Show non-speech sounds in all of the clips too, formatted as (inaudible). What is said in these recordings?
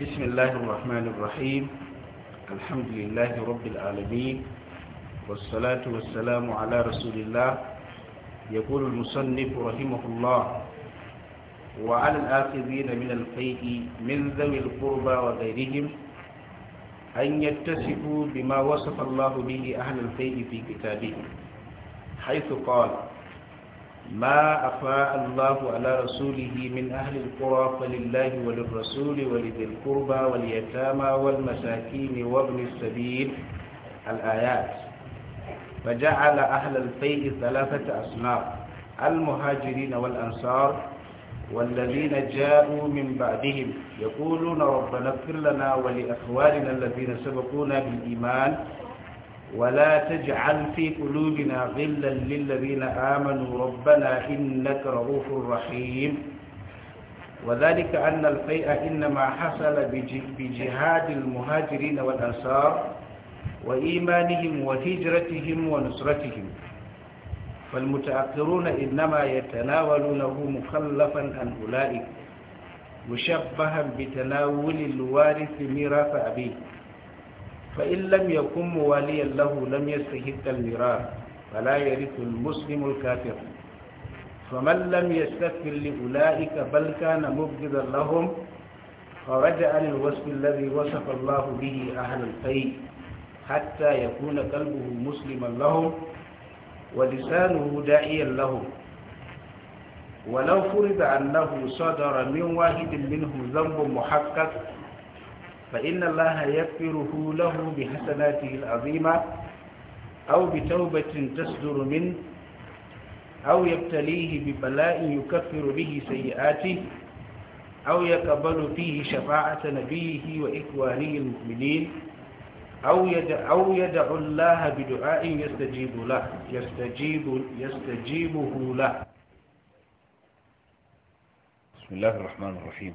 بسم الله الرحمن الرحيم الحمد لله رب العالمين والصلاة والسلام على رسول الله يقول المصنف رحمه الله وعلى الآخذين من القيء من ذوي القربى وغيرهم أن يتسفوا بما وصف الله به أهل القيء في كتابه حيث قال ما أفاء الله على رسوله من أهل القرى فلله وللرسول ولذي القربى واليتامى والمساكين وابن السبيل الآيات فجعل أهل الفيء ثلاثة أصناف المهاجرين والأنصار والذين جاءوا من بعدهم يقولون ربنا اغفر لنا ولأخواننا الذين سبقونا بالإيمان ولا تجعل في قلوبنا غلا للذين آمنوا ربنا إنك رؤوف رحيم وذلك أن الفيء إنما حصل بجهاد المهاجرين والأنصار وإيمانهم وهجرتهم ونصرتهم فالمتأخرون إنما يتناولونه مخلفا عن أولئك مشبها بتناول الوارث ميراث أبيه فإن لم يكن مواليا له لم يستحق الميراث فلا يرث المسلم الكافر فمن لم يستكفر لأولئك بل كان مبغضا لهم فرجع للوصف الذي وصف الله به أهل الخير حتى يكون قلبه مسلما لهم ولسانه داعيا لهم ولو فرض أنه صدر من واحد منهم ذنب محقق فإن الله يغفره له بحسناته العظيمة أو بتوبة تصدر منه أو يبتليه ببلاء يكفر به سيئاته أو يقبل فيه شفاعة نبيه وإخوانه المؤمنين أو يدع, أو يدع الله بدعاء يستجيب له يستجيب يستجيبه له بسم الله الرحمن الرحيم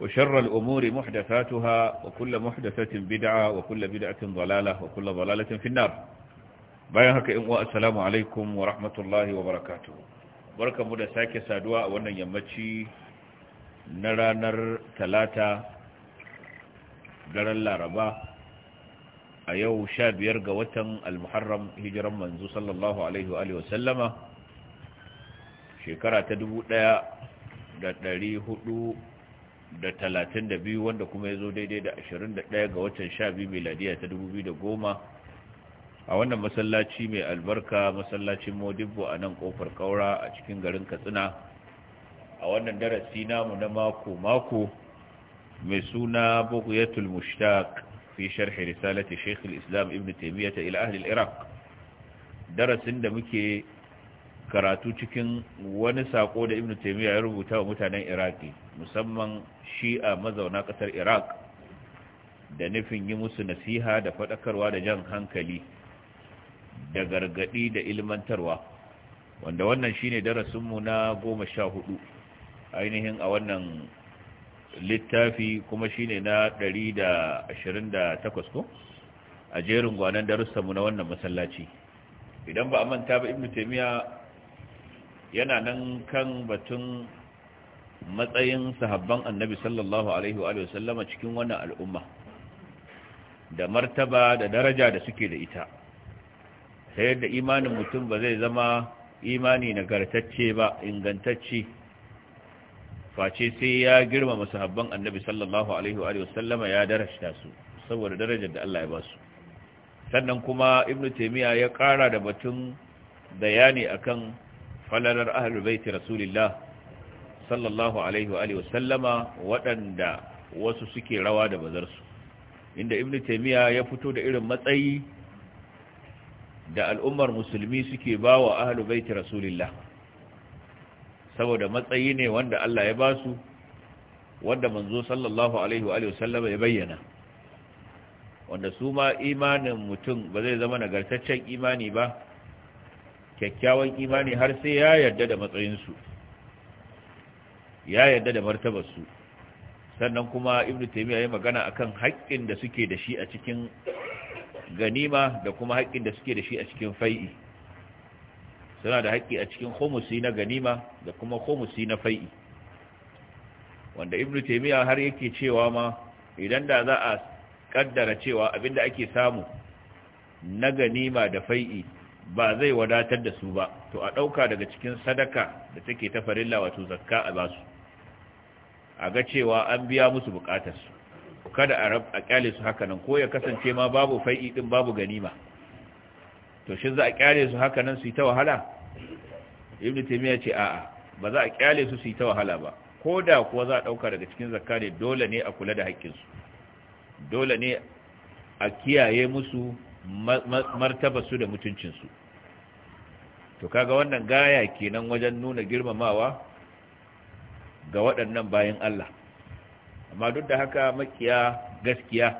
وشر الأمور محدثاتها وكل محدثة بدعة وكل بدعة ضلالة وكل ضلالة في النار بايهك إمواء السلام عليكم ورحمة الله وبركاته بركة مدى ساكة سادواء وانا يمتشي نرى نر ثلاثة نرى اللاربا أيو شاب يرقى وطن المحرم هجرا منذ صلى الله عليه وآله وسلم شكرا تدبو دا دا دا da talatin da biyu wanda kuma ya zo daidai da ashirin da ɗaya ga watan sha biyu ladiya ta dubu biyu da goma a wannan masallaci mai albarka masallacin modibbo a nan kofar kaura a cikin garin katsina a wannan darasi namu na mako-mako mai suna ya mushtaq fi sharhi risalati shekul islam ibn taimiyyata ila ahlil iraq darasin da muke karatu cikin wani sako da ibn taymiya ya rubuta wa mutanen iraki musamman shi'a mazauna kasar iraq da nufin yi musu nasiha da faɗakarwa da jan hankali da gargaɗi da ilmantarwa wanda wannan shine mu na goma sha hudu ainihin a wannan littafi kuma shine na ɗari ko a jerin gwanon mu na wannan masallaci idan ba a manta ba ibn taymiya yana nan kan batun matsayin sahabban annabi sallallahu alaihi wa sallama cikin wannan al'umma da martaba da daraja da suke da ita ta yadda imanin mutum ba zai zama imani nagartacce ba ingantacce face sai ya girmama sahabban annabi sallallahu alaihi wa sallama ya darashta su saboda darajar da Allah ya ba su sannan kuma ibnu taymiya ya kara da batun bayani akan falalar ahlul baiti rasulillah sallallahu alaihi wa alihi wasallama waɗanda wasu suke rawa da bazarsu inda ibn taymiya ya fito da irin matsayi da al'ummar musulmi suke bawa ahlul baiti rasulillah saboda matsayi ne wanda Allah ya basu wanda manzo sallallahu alaihi wa ya bayyana wanda su ma imanin mutum ba zai zama nagartaccen imani ba kyakkyawan imani har sai ya yarda da matsayinsu ya yarda da martabarsu sannan kuma ibn taymiya ya magana akan haƙƙin da suke da shi a cikin ganima da kuma haƙƙin da suke da shi a cikin fai'i suna da haƙƙi a cikin khumusi na ganima da kuma khumusi na fai'i wanda ibn taymiya har yake cewa ma idan da za a kaddara cewa abinda ake samu na ganima da fai'i ba zai wadatar da su ba to a ɗauka daga cikin sadaka da take ta farilla wato zakka a basu a ga cewa an biya musu bukatarsu kada a kyale su haka ko ya kasance ma babu fai'i din babu ganima to shi za a kyale su haka su yi ta wahala ibnu taymiya ce a'a ba za a kyale su su yi ta wahala ba ko da kuwa za a dauka daga cikin zakka ne dole ne a kula da haƙƙinsu. dole ne a kiyaye musu su da mutuncinsu to kaga wannan gaya kenan wajen nuna girmamawa ga waɗannan bayan Allah amma duk da haka makiya gaskiya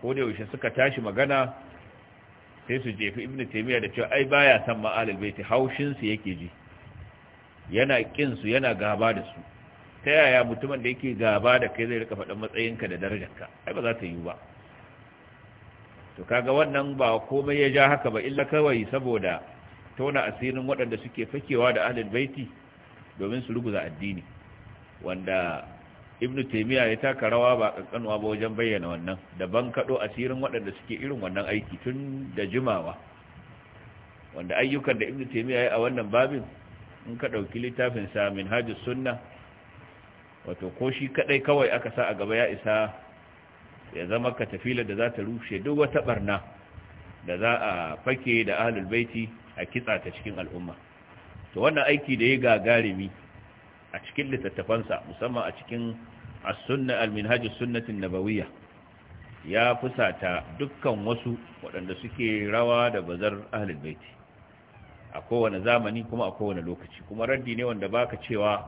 ko da yaushe suka tashi magana sai su jefi ibnu taymiya da cewa ai baya san ma'alil baiti haushin su yake ji yana kin su yana gaba da su ta yaya mutumin da yake gaba da kai zai rika faɗan matsayinka da darajarka ai ba za ta yi ba to kaga wannan ba komai ya ja haka ba illa kawai saboda tona asirin waɗanda suke fakewa da ahlul baiti domin su ruguza addini wanda ibnu taymiya ya taka rawa ba kankanwa ba wajen bayyana wannan da ban kado asirin waɗanda suke irin wannan aiki tun da jimawa wanda ayyukan da ibnu taymiya ya a wannan babin in ka dauki littafin sa minhajus sunna wato ko shi kadai kawai aka sa a gaba ya isa ya zama ka katafilar da za ta rushe duk wata barna da za a fake da ahlul baiti a kitsa ta cikin al'umma to wannan aiki da ya gagarumi a cikin littattafansa musamman a cikin as-sunna al-minhaj as-sunnah an-nabawiyya ya fusata dukkan wasu waɗanda suke rawa da bazar ahlul baiti a kowane zamani kuma a kowane lokaci kuma raddi ne wanda baka cewa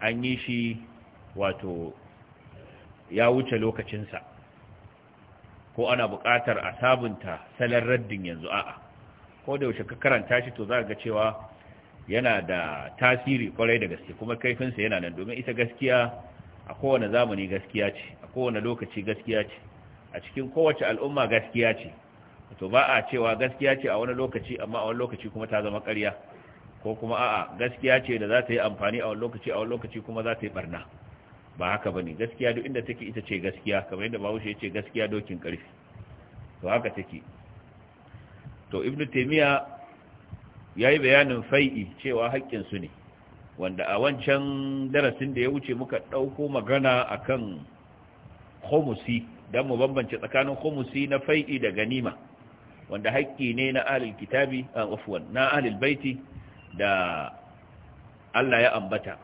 an yi shi wato ya wuce lokacinsa ko ana buƙatar a sabunta salon raddin yanzu a'a ko da yaushe ka karanta shi to za ga cewa yana da tasiri kwarai da gaske kuma kaifinsa yana nan domin ita gaskiya a kowane zamani gaskiya ce a kowane lokaci gaskiya ce a cikin kowace al'umma gaskiya ce to ba a cewa gaskiya ce a wani lokaci amma a wani lokaci kuma ta zama ƙarya ko kuma a'a gaskiya ce da za ta yi amfani a wani lokaci a wani lokaci kuma za ta yi barna ba haka ba bane gaskiya duk inda take ita ce gaskiya kamar yadda bahaushe ya ce gaskiya dokin karfi to haka take to ibnu taymiya yayi bayanin fai'i cewa haƙƙin su ne wanda a wancan darasin da ya wuce muka ɗauko magana a kan khumusi dan mu bambance tsakanin khumusi na fai'i da ganima wanda haƙƙi ne na ahlul kitabi afwan na ahlul baiti da Allah ya ambata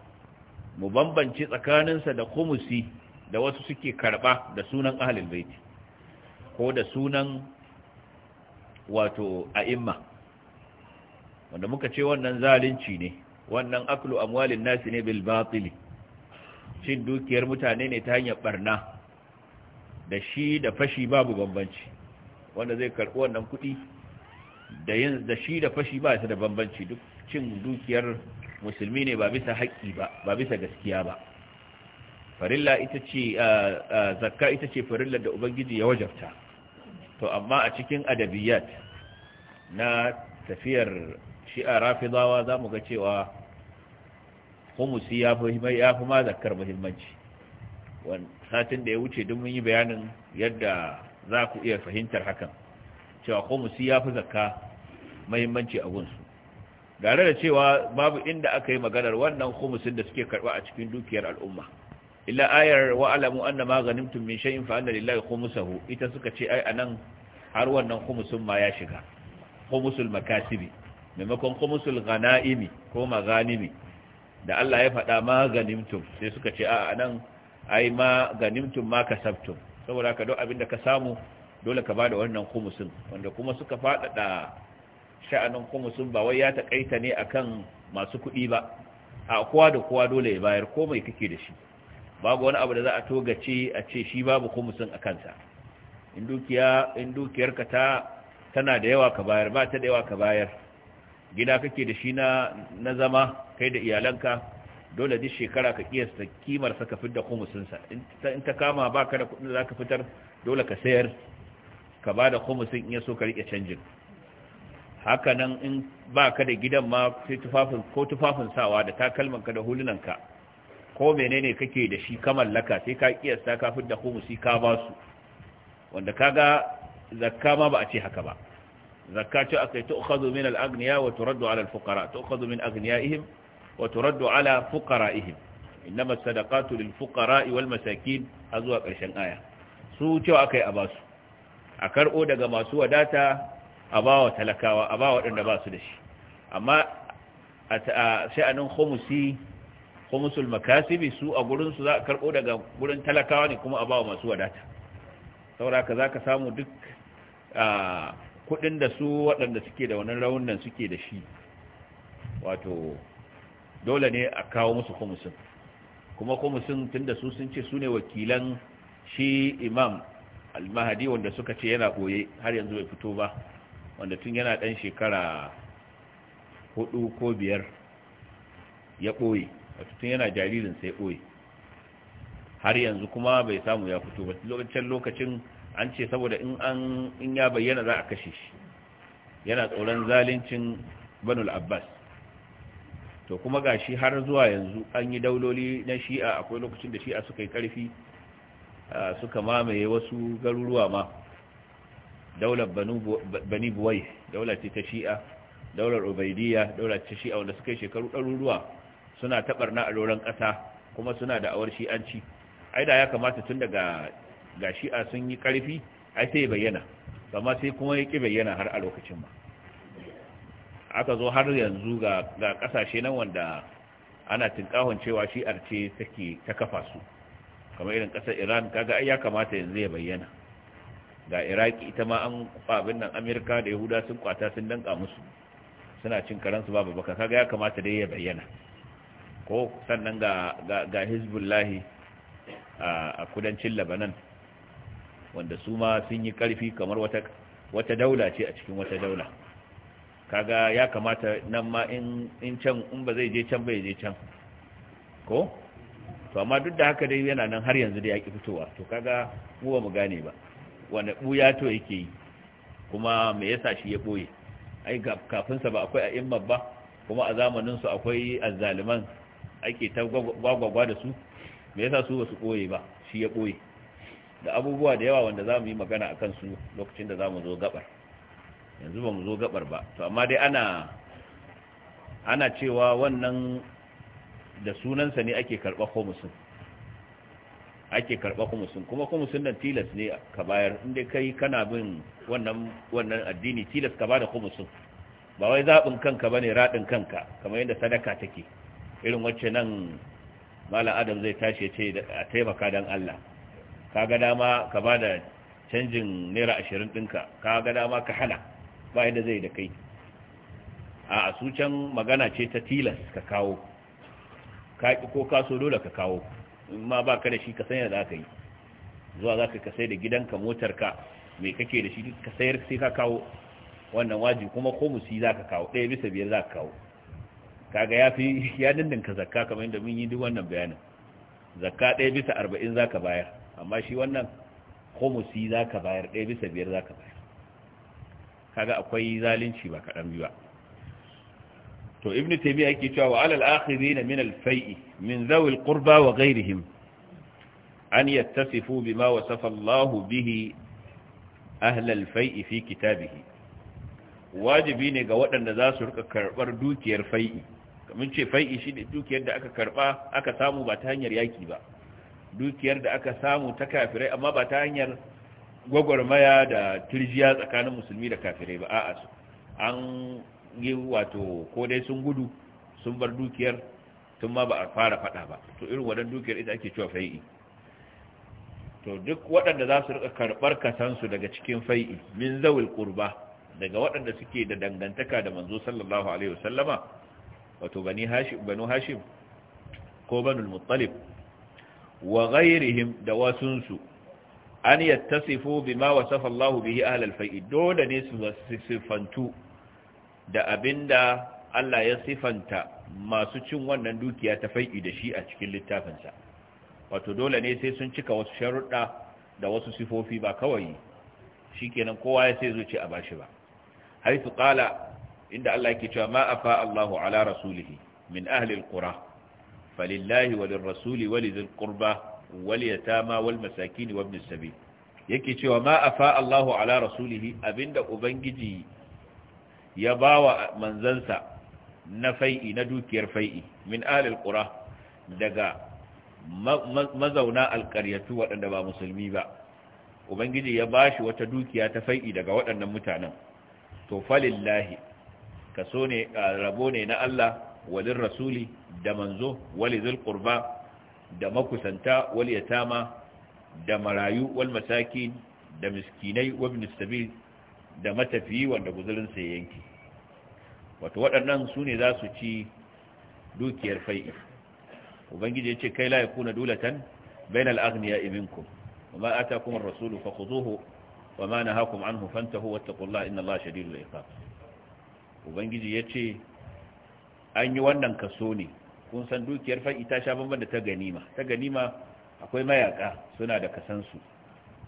mu bambance tsakaninsa da kumusi da wasu suke karba da sunan ahlul baiti ko da sunan wato a'imma wanda muka ce wannan zalunci ne wannan aklu amwalin nasi ne bil batili cin dukiyar mutane ne ta hanyar barna da shi da fashi babu bambanci wanda zai karbi wannan kuɗi da da shi da fashi ba shi da bambanci duk cin dukiyar musulmi ne ba bisa haƙƙi ba ba bisa gaskiya ba farilla ita ce zakka ita ce farillar da ubangiji ya wajabta to amma a cikin adabiyat na tafiyar shi'a rafidawa za mu ga cewa humusi ya fi ma zakkar muhimmanci satin da ya wuce don mun yi bayanin yadda za ku iya fahimtar hakan cewa humusi ya fi zakka muhimmanci a gunsu gare da cewa babu inda aka yi maganar wannan kumusin da suke karba a cikin dukiyar al'umma illa ayar wa alamu anna ma ghanimtum min shay'in fa anna lillahi khumusahu ita suka ce ai anan har wannan khumusin ma ya shiga khumusul makasibi maimakon khumusul ghanaimi ko Maganimi, da Allah ya faɗa ma sai suka ce a anan ai ma ganimtum ma kasabtum saboda ka duk abinda ka samu dole ka bada wannan khumusin wanda kuma suka faɗaɗa sha'anin kumusun ba wai ya taƙaita ne akan masu kuɗi ba a kowa da kowa dole ya bayar ko mai kake da shi babu wani abu da za a togace a ce shi babu kumusun a kansa in dukiya in dukiyarka ta tana da yawa ka bayar ba ta da yawa ka bayar gida kake da shi na zama kai da iyalanka dole duk shekara ka kiyasta kimar sa ka da in ta kama baka da kuɗin da zaka fitar dole ka sayar ka bada kumusin in ya so ka rike canjin haka nan in ba ka da gidan ma ko tufafin sawa da takalmanka da hulunanka ko menene kake da shi ka mallaka sai ka kiyasta ka da humusi ka ba su wanda kaga zakka ma ba a ce haka ba zakka ce akai khadhu min al-aghniya wa turaddu ala al-fuqara khadhu min aghniyaihim wa turaddu ala fuqaraihim inma sadaqatu lil-fuqara'i wal-masakin azwa karshen aya su cewa akai a basu a karbo daga masu wadata a ba wa talakawa a ba waɗanda ba su da shi amma a sha'anin khumusi khumusul makasibi su a gurinsu za a karɓo daga gurin talakawa ne kuma a ba wa masu wadata sauraka za ka samu duk kuɗin da su waɗanda suke da wani raunin suke da shi wato dole ne a kawo musu khumusin kuma khumusin tunda su sun ce su ne wakilan shi imam al-mahadi wanda suka ce yana ɓoye har yanzu bai fito ba wanda tun yana ɗan shekara hudu ko biyar ya ɓoye wato tun yana jaririn sai ɓoye har yanzu kuma bai samu ya fito ba lokacin lokacin an ce saboda in an in ya bayyana za a kashe shi yana tsoron zalincin banul abbas to kuma ga shi har zuwa yanzu an yi dauloli na shi'a akwai lokacin da shi'a suka yi karfi suka mamaye wasu garuruwa ma daular bani buwai daular ce ta shi'a daular ubaidiyya daular ce shi'a wanda suka yi shekaru ɗaruruwa suna tabarna a loran ƙasa kuma suna da awar shi'anci ai da ya kamata tun daga ga shi'a sun yi karfi ai sai bayyana amma sai kuma ya ƙi bayyana har a lokacin ba aka zo har yanzu ga kasashe nan wanda ana tinkahon cewa shi'ar ce take ta kafa su kamar irin ƙasar iran kaga ai ya kamata yanzu ya bayyana ga iraki ita ma an abin nan amerika da yahuda sun kwata sun danka musu suna cin karansu babu baka kaga ya kamata dai ya bayyana ko sannan ga ga hizbullahi a kudancin labanan wanda su ma sun yi karfi kamar wata wata daula ce a cikin wata daula kaga ya kamata nan ma in in can in ba zai je can ba je can ko to amma duk da haka dai yana nan har yanzu da ya ki fitowa to kaga mu ba mu gane ba wanda ɓuya to yake yi kuma me yasa shi ya ɓoye ai kafinsa ba akwai a a'imma ba kuma a zamaninsu akwai azzaliman ake ta gwagwagwa da su me yasa su basu boye ɓoye ba shi ya ɓoye da abubuwa da yawa wanda za mu yi magana a kansu lokacin da za mu zo gabar yanzu ba mu zo gabar ba to amma dai ana ana cewa wannan da sunansa ne ake karɓar homosin ake karɓa kumusun kuma kumusun nan tilas ne ka bayar inda kai kana bin wannan addini tilas ka bada kumusun ba wai zaɓin kanka ba ne raɗin kanka kamar yadda sadaka take irin wacce nan mala adam zai tashi ce a taimaka don Allah ka ga dama ka ba canjin naira ashirin ɗinka ka ga dama ka hana ba yadda zai da kai a asucan magana ce ta tilas ka kawo ka ko kaso dole ka kawo in ma ba ka da shi ka sanya da aka yi zuwa za ka kasai da gidanka motarka mai kake da shi ka sayar sai ka kawo wannan waji kuma ko musi za ka kawo ɗaya bisa biyar za ka kawo kaga ya fi ya dindinka zakka kamar yadda mun yi duk wannan bayanin zakka ɗaya bisa arba'in za ka bayar amma shi wannan ko komusi za ka bayar ɗaya bisa biyar za ka bayar kaga akwai zalunci ba kaɗan biyu ba to ibn taymiya yake cewa wa alal akhirin min al fai'i min zawil qurba wa ghayrihim an yattasifu bima wasafa Allah bihi ahla al fai'i fi kitabihi wajibi ne ga waɗanda za su rika karɓar dukiyar fai'i kamar ce fai'i shi ne dukiyar da aka karɓa aka samu ba ta hanyar yaki ba dukiyar da aka samu ta kafirai amma ba ta hanyar gwagwarmaya da turjiya tsakanin musulmi da kafirai ba a'a an yi wato ko dai sun gudu sun bar dukiyar tun ma ba a fara fada ba to irin wadan dukiyar ita ake cewa fai'i to duk waɗanda za su rika karɓar kasansu daga cikin fai'i min zawil qurba daga waɗanda suke da dangantaka da manzo sallallahu alaihi wasallama wato bani hashim banu hashim ko banul muttalib wa ghairihim da wasunsu an yattasifu bima wasafa Allah bihi ahlal fai'i dole ne su sifantu da abinda Allah ya sifanta masu cin wannan dukiya ta fai'i da shi a cikin littafinsa wato dole ne sai sun cika wasu sharuɗa da wasu sifofi ba kawai shikenan kowa ya sai zuci a bashi ba haythu Kala! inda Allah yake cewa ma Allahu ala rasulihi min ahli ƙura! falillahi walirrasuli walidhil qurba walyatama walmasakin wabnis sabil yake cewa ma Allahu ala rasulihi abinda ubangiji ya bawa manzansa na fai'i na dukiyar fai'i min alil ƙura daga mazauna alƙaryatu waɗanda ba musulmi ba ubangiji ya ba shi wata dukiya ta fai'i daga waɗannan mutanen to falillahi so ne rabo ne na Allah walin rasuli da manzo wali zul da makusanta wal yatama da marayu wal masakin da miskinai wa da matafiyi wanda guzurin sa yanki wato waɗannan su ne za su ci dukiyar fai'i ubangiji ya ce kai la yakuna dulatan bainal aghniya minkum وما آتاكم الرسول فخذوه وما نهاكم عنه فانتهوا واتقوا الله إن الله شديد العقاب ubangiji yace an yi wannan kaso ne kun san dukiyar fa'i ta sha bamban da ta ganima ta ganima akwai mayaka suna da kasansu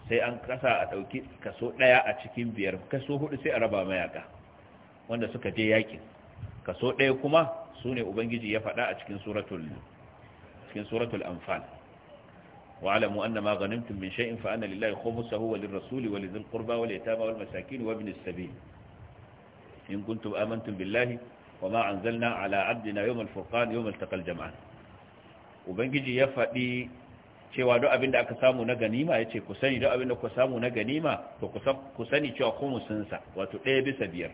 sai an kasa a ɗauki kaso ɗaya a cikin biyar kaso hudu sai a raba mayaka wanda suka je yakin kaso ɗaya kuma su ne ubangiji ya faɗa a cikin suratul cikin suratul anfal wa'lamu anna ma ghanimtum min shay'in fa anna lillahi khumsahu wa lirrasuli wa lidhil qurba wal yatama wal masakin wa ibnis sabil in kuntum amantum billahi wa ma anzalna ala abdina yawm al-furqan yawm al-taqal jam'an ubangiji ya faɗi cewa duk abin da aka samu na ganima ya ce ku sani duk abin da ku samu na ganima to ku sani cewa kumusinsa wato ɗaya bisa biyar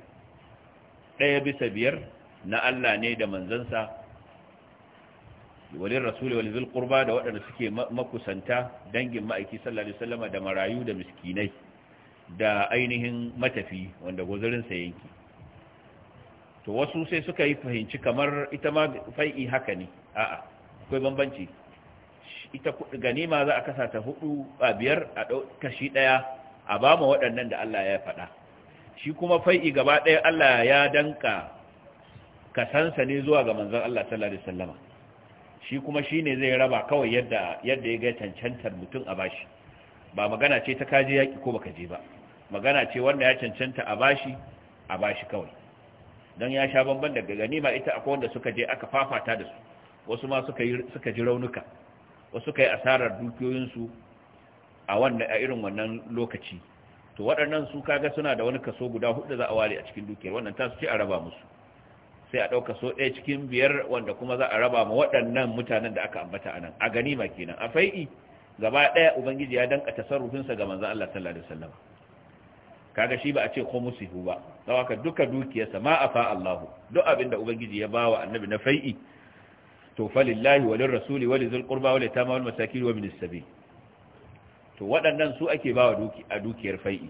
ɗaya bisa biyar na Allah ne da manzansa walin rasuli walin zulkurba da waɗanda suke makusanta dangin ma'aiki sallallahu alaihi wasallama da marayu da miskinai da ainihin matafi wanda guzurinsa yanki to wasu sai suka yi fahimci kamar ita ma fai'i haka ne a'a akwai bambanci ita ganima za a kasa ta hudu a biyar a kashi daya a ba mu waɗannan da Allah ya faɗa shi kuma fai'i gaba ɗaya Allah ya danka kasansa ne zuwa ga manzan Allah sallallahu alaihi wasallama shi kuma shi ne zai raba kawai yadda ya ga cancantar mutum a bashi ba magana ce ta kaje yaƙi ko baka je ba magana ce wanda ya cancanta a bashi a bashi kawai dan ya sha bamban daga ganima ita akwai wanda suka je aka fafata da su wasu ma suka ji raunuka wasu kai asarar dukiyoyinsu a a irin wannan lokaci to waɗannan su kaga suna da wani kaso guda hudu za a ware a cikin dukiyar wannan ta su ce a raba musu sai a ɗauka so ɗaya cikin biyar wanda kuma za a raba ma waɗannan mutanen da aka ambata anan a gani ma kenan a fai'i gaba ɗaya ubangiji ya danka tasarrufinsa ga manzan Allah sallallahu alaihi wasallam kaga shi ba a ce ko hu ba ka duka dukiyarsa ma afa Allah duk abin da ubangiji ya bawa annabi na fai'i to falillahi walir rasuli walizul qurba walitama walmasakin wa min sabil to waɗannan su ake bawa duki a dukiyar fai'i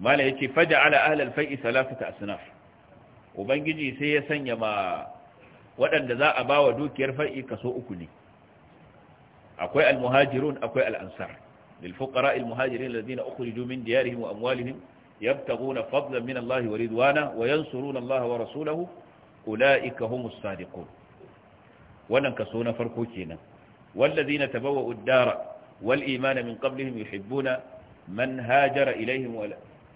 mala yace faja ala ahlal fai'i salasata asnaf ubangiji sai ya sanya ma waɗanda za a bawa dukiyar fai'i kaso uku ne akwai almuhajirun akwai al'ansar lil fuqara almuhajirin uku ukhriju min diyarihim wa amwalihim yabtaghuna fadlan min Allah wa ridwana wa yansuruna Allah wa rasulahu ulaika humus sadiqun wannan kaso na farko kenan wallazina tabawwa'u ad-dara والإيمان من قبلهم يحبون من هاجر إليهم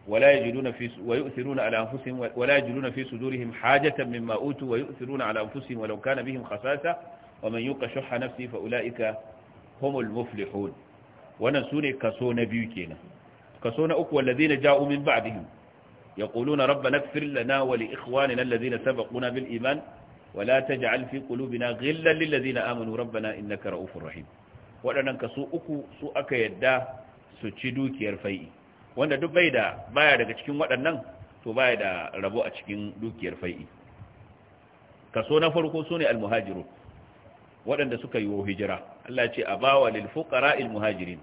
ولا يجدون في ويؤثرون على أنفسهم ولا يجدون في صدورهم حاجة مما أوتوا ويؤثرون على أنفسهم ولو كان بهم خصاصة ومن يوق شح نفسه فأولئك هم المفلحون ونسوني كسون بيكينا كسون أكوى الذين جاءوا من بعدهم يقولون ربنا اغفر لنا ولإخواننا الذين سبقونا بالإيمان ولا تجعل في قلوبنا غلا للذين آمنوا ربنا إنك رؤوف رحيم waɗannan kaso uku su aka yadda su ci dukiyar fai'i wanda duk bai da baya daga cikin waɗannan to baya da rabo a cikin dukiyar fai'i kaso na farko sune almuhajiru waɗanda suka yi hijira Allah ce a bawa lil fuqara al muhajirin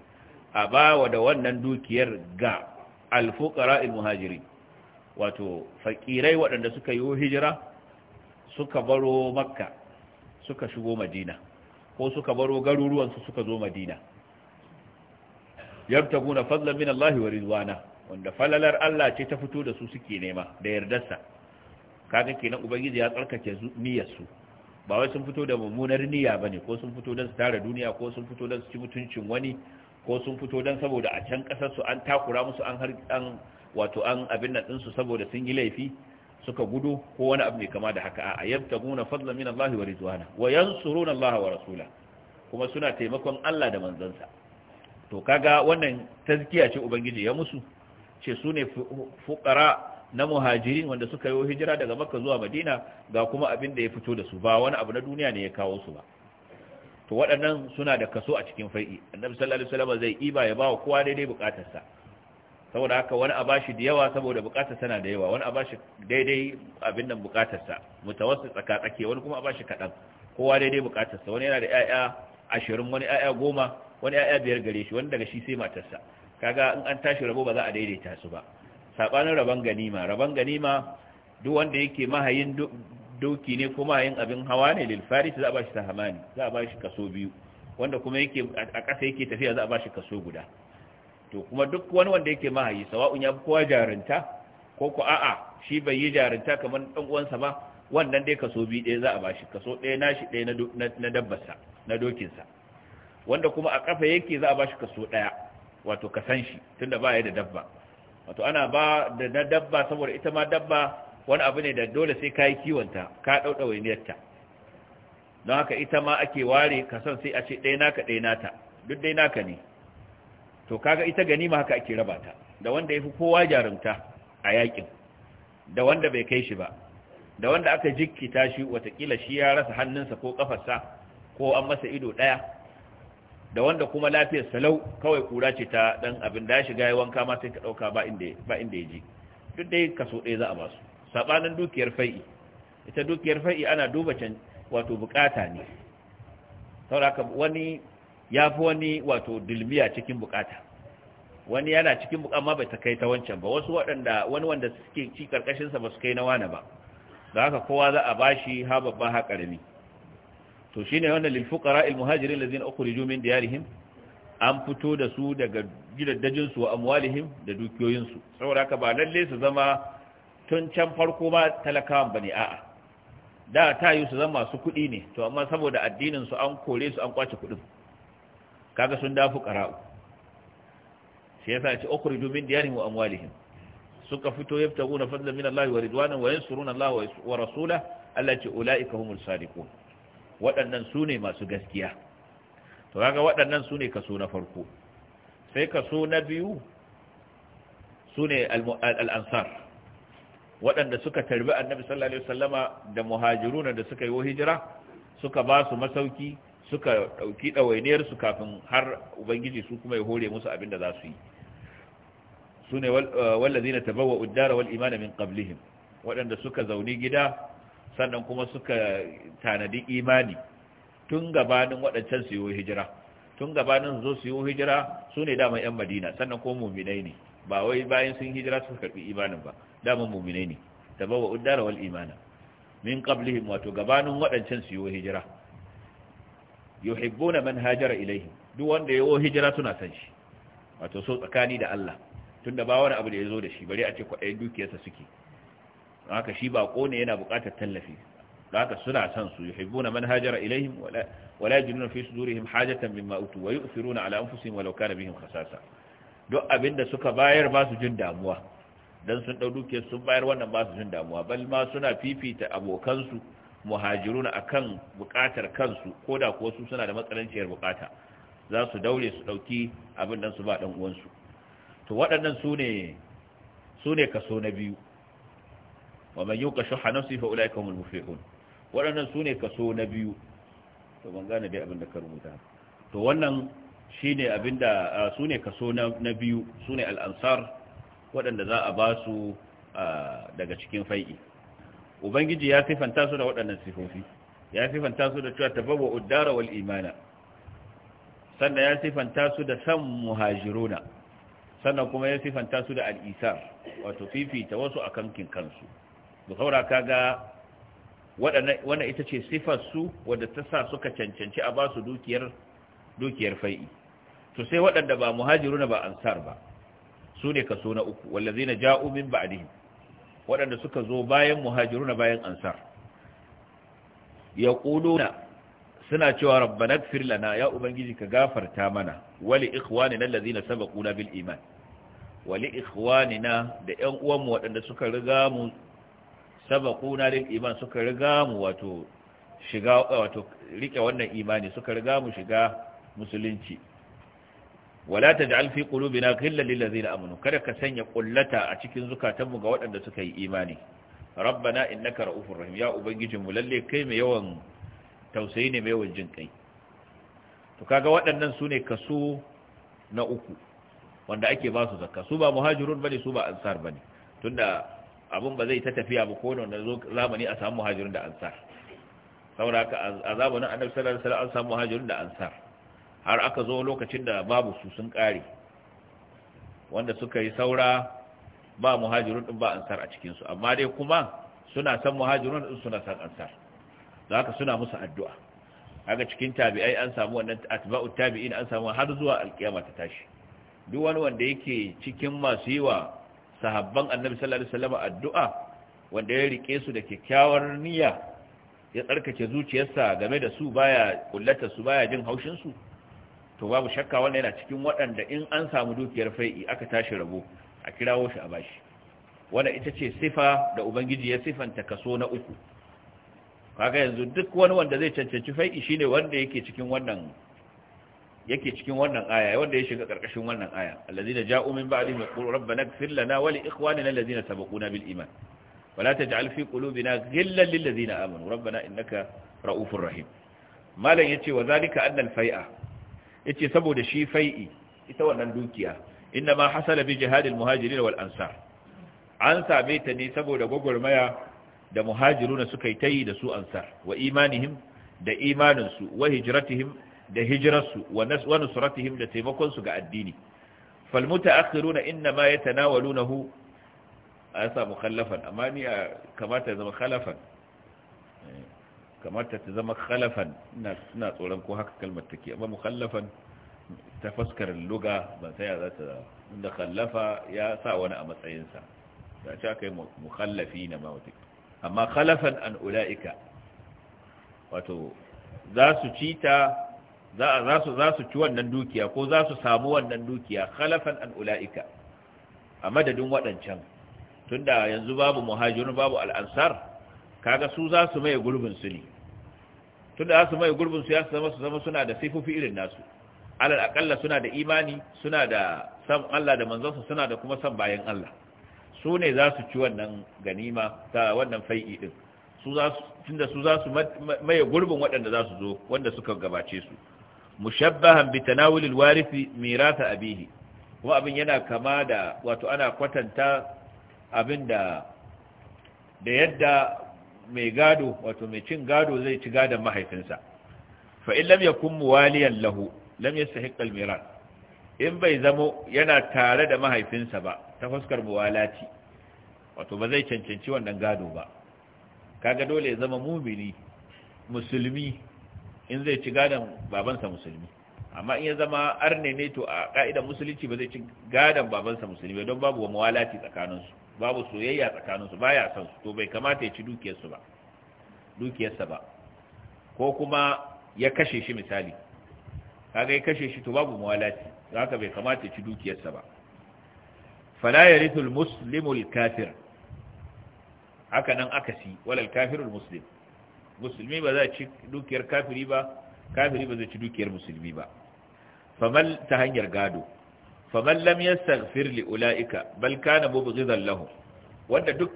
a bawa da wannan dukiyar ga al fuqara al wato fakirai waɗanda suka yi hijira suka baro makka suka shigo madina ko suka baro garuruwansu suka zo madina yabtaguna fadlan min Allah wa ridwana wanda falalar Allah ce ta fito da su suke nema da yardarsa kaga kenan ubangiji ya tsarkake niyyar ba wai sun fito da mummunar niyya bane ko sun fito don su tara duniya ko sun fito don su ci mutuncin wani ko sun fito don saboda a can kasar su an takura musu an har an wato an abin nan din su saboda sun yi laifi suka gudu ko wani abu ne kama da haka a guna fadla min Allah wa rizwana wa yansuruna Allah wa rasula kuma suna taimakon Allah da manzansa to kaga wannan tazkiya ce ubangiji ya musu ce su ne fuqara na muhajirin wanda suka yi hijira daga Makka zuwa Madina ga kuma abin da ya fito da su ba wani abu na duniya ne ya kawo su ba to waɗannan suna da kaso a cikin fai'i annabi sallallahu alaihi wasallam zai iba ya ba wa kowa daidai bukatarsa saboda haka wani a bashi da yawa saboda bukatar sana da yawa wani a bashi daidai abin nan bukatarsa mutawassit tsaka tsake wani kuma a bashi kaɗan kowa daidai bukatarsa wani yana da 'ya'ya ashirin wani 'ya'ya goma wani 'ya'ya biyar gare shi wani daga shi sai matarsa kaga in an tashi rabo ba za a daidaita su ba sabanin raban ganima raban ganima duk wanda yake mahayin doki ne ko mahayin abin hawa ne lil farisi za a bashi sahamani za a bashi kaso biyu wanda kuma yake a ƙasa yake tafiya za a bashi kaso guda to kuma duk wani wanda yake mahayi sawa'un ya fi kowa jarinta ko ku a'a shi bai yi jarinta kamar ɗan uwansa ba wannan dai kaso biyu ɗaya za a ba shi. kaso ɗaya shi ɗaya na dabbarsa na dokinsa wanda kuma a kafa yake za a ba shi kaso ɗaya wato ka san shi tunda ba ya da dabba wato ana ba da na dabba saboda ita ma dabba wani abu ne da dole sai ka yi kiwonta ka ɗauɗa wainiyarta don haka ita ma ake ware kasan sai a ce ɗaya naka ɗaya nata duk ɗaya naka ne to kaga ita gani ganima haka ake raba ta da wanda yafi kowa jarumta a yakin da wanda bai kai shi ba da wanda aka jikkita shi watakila shi ya rasa hannunsa ko kafarsa ko an masa ido daya da wanda kuma lafiyar salau kawai kura ce ta dan abin da ya shiga ya wanka ma sai ka dauka ba inda ba inda ya duk dai kaso ɗaya za a basu sabanin dukiyar fai'i ita dukiyar fai'i ana duba can wato bukata ne saboda wani ya fi wani wato dilmiya cikin bukata wani yana cikin bukata ma bai ta kai ta wancan ba wasu waɗanda wani wanda suke ci karkashinsa ba su kai na wani ba da haka kowa za a bashi ha babba ha ƙarami to shine wannan lil fuqara al muhajirin allazina ukhriju min diyarihim an fito da su daga gidaddajinsu su wa amwalihim da dukiyoyinsu. su saboda haka ba lalle su zama tun can farko ba talakawan ne. a'a da ta yi su zama su kuɗi ne to amma saboda addinin su an kore su an kwace kuɗin kaga sun dafu ƙara'u? shi yasa ce ukhriju min diyarihim wa amwalihim suka fito yabtaguna fadlan min Allah wa ridwanan wa yansuruna Allah wa rasula. Allah ce ulaika humul sadiqun waɗannan su ne masu gaskiya to kaga waɗannan su ne kaso na farko sai kaso na biyu su ne al'ansar. waɗanda suka tarbi annabi sallallahu alaihi wasallama da muhajiruna da suka yi hijira suka ba su masauki suka ɗauki ɗawainiyar su kafin har ubangiji su kuma ya hore musu abin da za su yi su ne eh, wallazina tabawwa uddara wal imana min qablihim waɗanda suka zauni gida sannan kuma suka tanadi imani tun gabanin waɗancan su yi hijira tun gabanin zo su yi hijira su ne daman 'yan madina sannan ko muminai ne ba wai bayan sun hijira suka karbi imanin ba daman muminai ne tabawa uddara wal imana min qablihim wato gabanin waɗancan su yi hijira yuhibbuna man manhajara ilayhi duk wanda yawo hijira suna san shi wato so tsakani da Allah tunda ba wani abu da yazo da shi bare a ce kwaye dukiyarsa suke haka shi bako ne yana buƙatar tallafi haka suna san su yuhibbuna man manhajara ilayhim wala wala yajiduna fi sudurihim hajatan mimma utu wa yu'thiruna ala anfusihim walau kana bihim khasasa duk abinda suka bayar ba su jin damuwa dan sun dau dukiyar sun bayar wannan ba su jin damuwa bal ma suna fifita abokansu muhajiruna akan bukatar kansu ko da kuwa su suna da matsalanciyar bukata za su daure su dauki abin dan su ba dan uwansu to waɗannan su ne su ne kaso na biyu wa man yuqa shuha nafsi fa ulaika humul muflihun waɗannan su ne kaso na biyu to ban gane dai abin da ka rubuta to wannan shine abin da su ne kaso na biyu su ne al-ansar waɗanda za a ba su daga cikin fai'i ubangiji ya sifanta su da waɗannan sifofi ya sifanta su da cewa tabawwa uddara wal imana sannan ya sifanta su da san muhajiruna sannan kuma ya sifanta su da al'isa wato fifita wasu a kankin kansu da saura ga wannan ita ce sifarsu wadda ta sa suka cancanci a ba su dukiyar fai'i to sai waɗanda ba muhajiruna ba ansar ba su ne kaso na uku wallazina ja'u min ba'dihim waɗanda suka zo bayan muhajiruna bayan ansar yaquluna suna cewa rabbana firlana lana ya ubangiji ka gafarta mana wali na allazina sabaquna bil iman wali na da yan uwanmu waɗanda suka riga mu sabaquna lil iman suka riga mu wato shiga wato rike wannan imani suka riga mu shiga musulunci wala ta taj'al fi qulubina ghillan lil ladzina aminu kada ka sanya ƙullata a cikin zukatanmu ga waɗanda suka yi imani rabbana innaka ra'ufur rahim ya mu lalle kai mai yawan tausayi ne mai yawan jin kai to kaga waɗannan su ne kaso na uku wanda ake ba su zakka su ba muhajirun bane su ba ansar bane tunda abun ba zai ta tafiya ba ko wanda zo zamani a samu muhajirun da ansar saboda haka a zamanin annabi sallallahu alaihi wasallam an samu muhajirun da ansar har aka zo lokacin da babu su sun kare wanda suka yi saura ba muhajirun din ba ansar a cikin amma dai kuma suna san muhajirun din suna san ansar da haka suna musu addu'a haka cikin tabi'ai an samu wannan atba'u tabi'in an samu har zuwa alkiyama ta tashi duk wani wanda yake cikin masu yi wa sahabban annabi sallallahu alaihi wasallam addu'a wanda ya rike su da kyakkyawar niyya ya tsarkake zuciyarsa game da su baya kullata su baya jin haushin su to babu shakka wannan yana cikin waɗanda in an samu dukiyar fai'i aka tashi rabo a kirawo shi a bashi wanda ita ce sifa da ubangiji ya sifanta kaso na uku kaga yanzu duk wani wanda zai cancanci fai'i shine wanda yake cikin wannan yake cikin wannan aya wanda ya shiga karkashin wannan aya allazina ja'u min ba'dihim yaqulu rabbana ighfir lana wa li ikhwanina allazina sabaquna bil iman wa la taj'al fi qulubina ghillan lil ladzina amanu rabbana innaka ra'ufur rahim malan yace wa zalika anna al fai'a yace saboda shi fai'i ita wannan dukiya inna ma hasala bi jihadil muhajirin wal ansar an same ta ne saboda gwagwarmaya da muhajiruna suka yi tayi da su ansar wa imanihim da imaninsu wa hijratihim da hijrarsu wa nusratihim da taimakon su ga addini fal mutaakhiruna inna ma yatanawalunahu a samu khallafan amma ni kamata zama khallafan eh. kamata ta zama khalafan ina tsoron ko haka kalmar take amma mukhallafan ta fuskar luga ban sai za ta inda khallafa ya sa wani a matsayinsa da ta kai mukhallafi na ma wata amma khalafan an ula'ika wato za su ci ta za su za su ci wannan dukiya ko za su samu wannan dukiya khalafan an ula'ika a madadin waɗancan tunda yanzu babu muhajirin babu al'ansar kaga su za su maye gurbin su ne tunda za su mai gurbin su ya su zama su zama suna da sifofi irin nasu alal akalla suna da imani suna da san Allah da manzonsa suna da kuma san bayan Allah su ne za su ci wannan ganima ta wannan fai'i din su za su tunda su za su maye gurbin waɗanda za su zo wanda suka gabace su mushabbahan bi tanawulil warisi mirasa abihi kuma abin yana kama da wato ana kwatanta abin da da yadda mai gado wato mai cin gado zai ci gadon mahaifinsa fa in lam yakun muwaliyan lahu lam yastahiq al-miras in bai zamo yana tare da mahaifinsa ba ta fuskar muwalati wato ba zai cancanci wannan gado ba kaga dole ya zama mumini musulmi in zai ci gadon babansa musulmi amma in ya zama arne ne to a ka'idar musulunci ba zai ci gadon babansa musulmi don babu wa muwalati tsakaninsu babu soyayya tsakaninsu baya san su to bai kamata ya ci dukiyarsu ba dukiyarsa ba ko kuma ya kashe shi misali kaga ya kashe shi to babu muwalati haka bai kamata ya ci dukiyarsa ba fala yarithu almuslimu alkafir haka nan akasi wala alkafiru almuslim musulmi ba za ci dukiyar kafiri ba kafiri ba zai ci dukiyar musulmi ba famal ta hanyar gado faman lam yastaghfir li ulaika bal kana mubghidan lahum wanda duk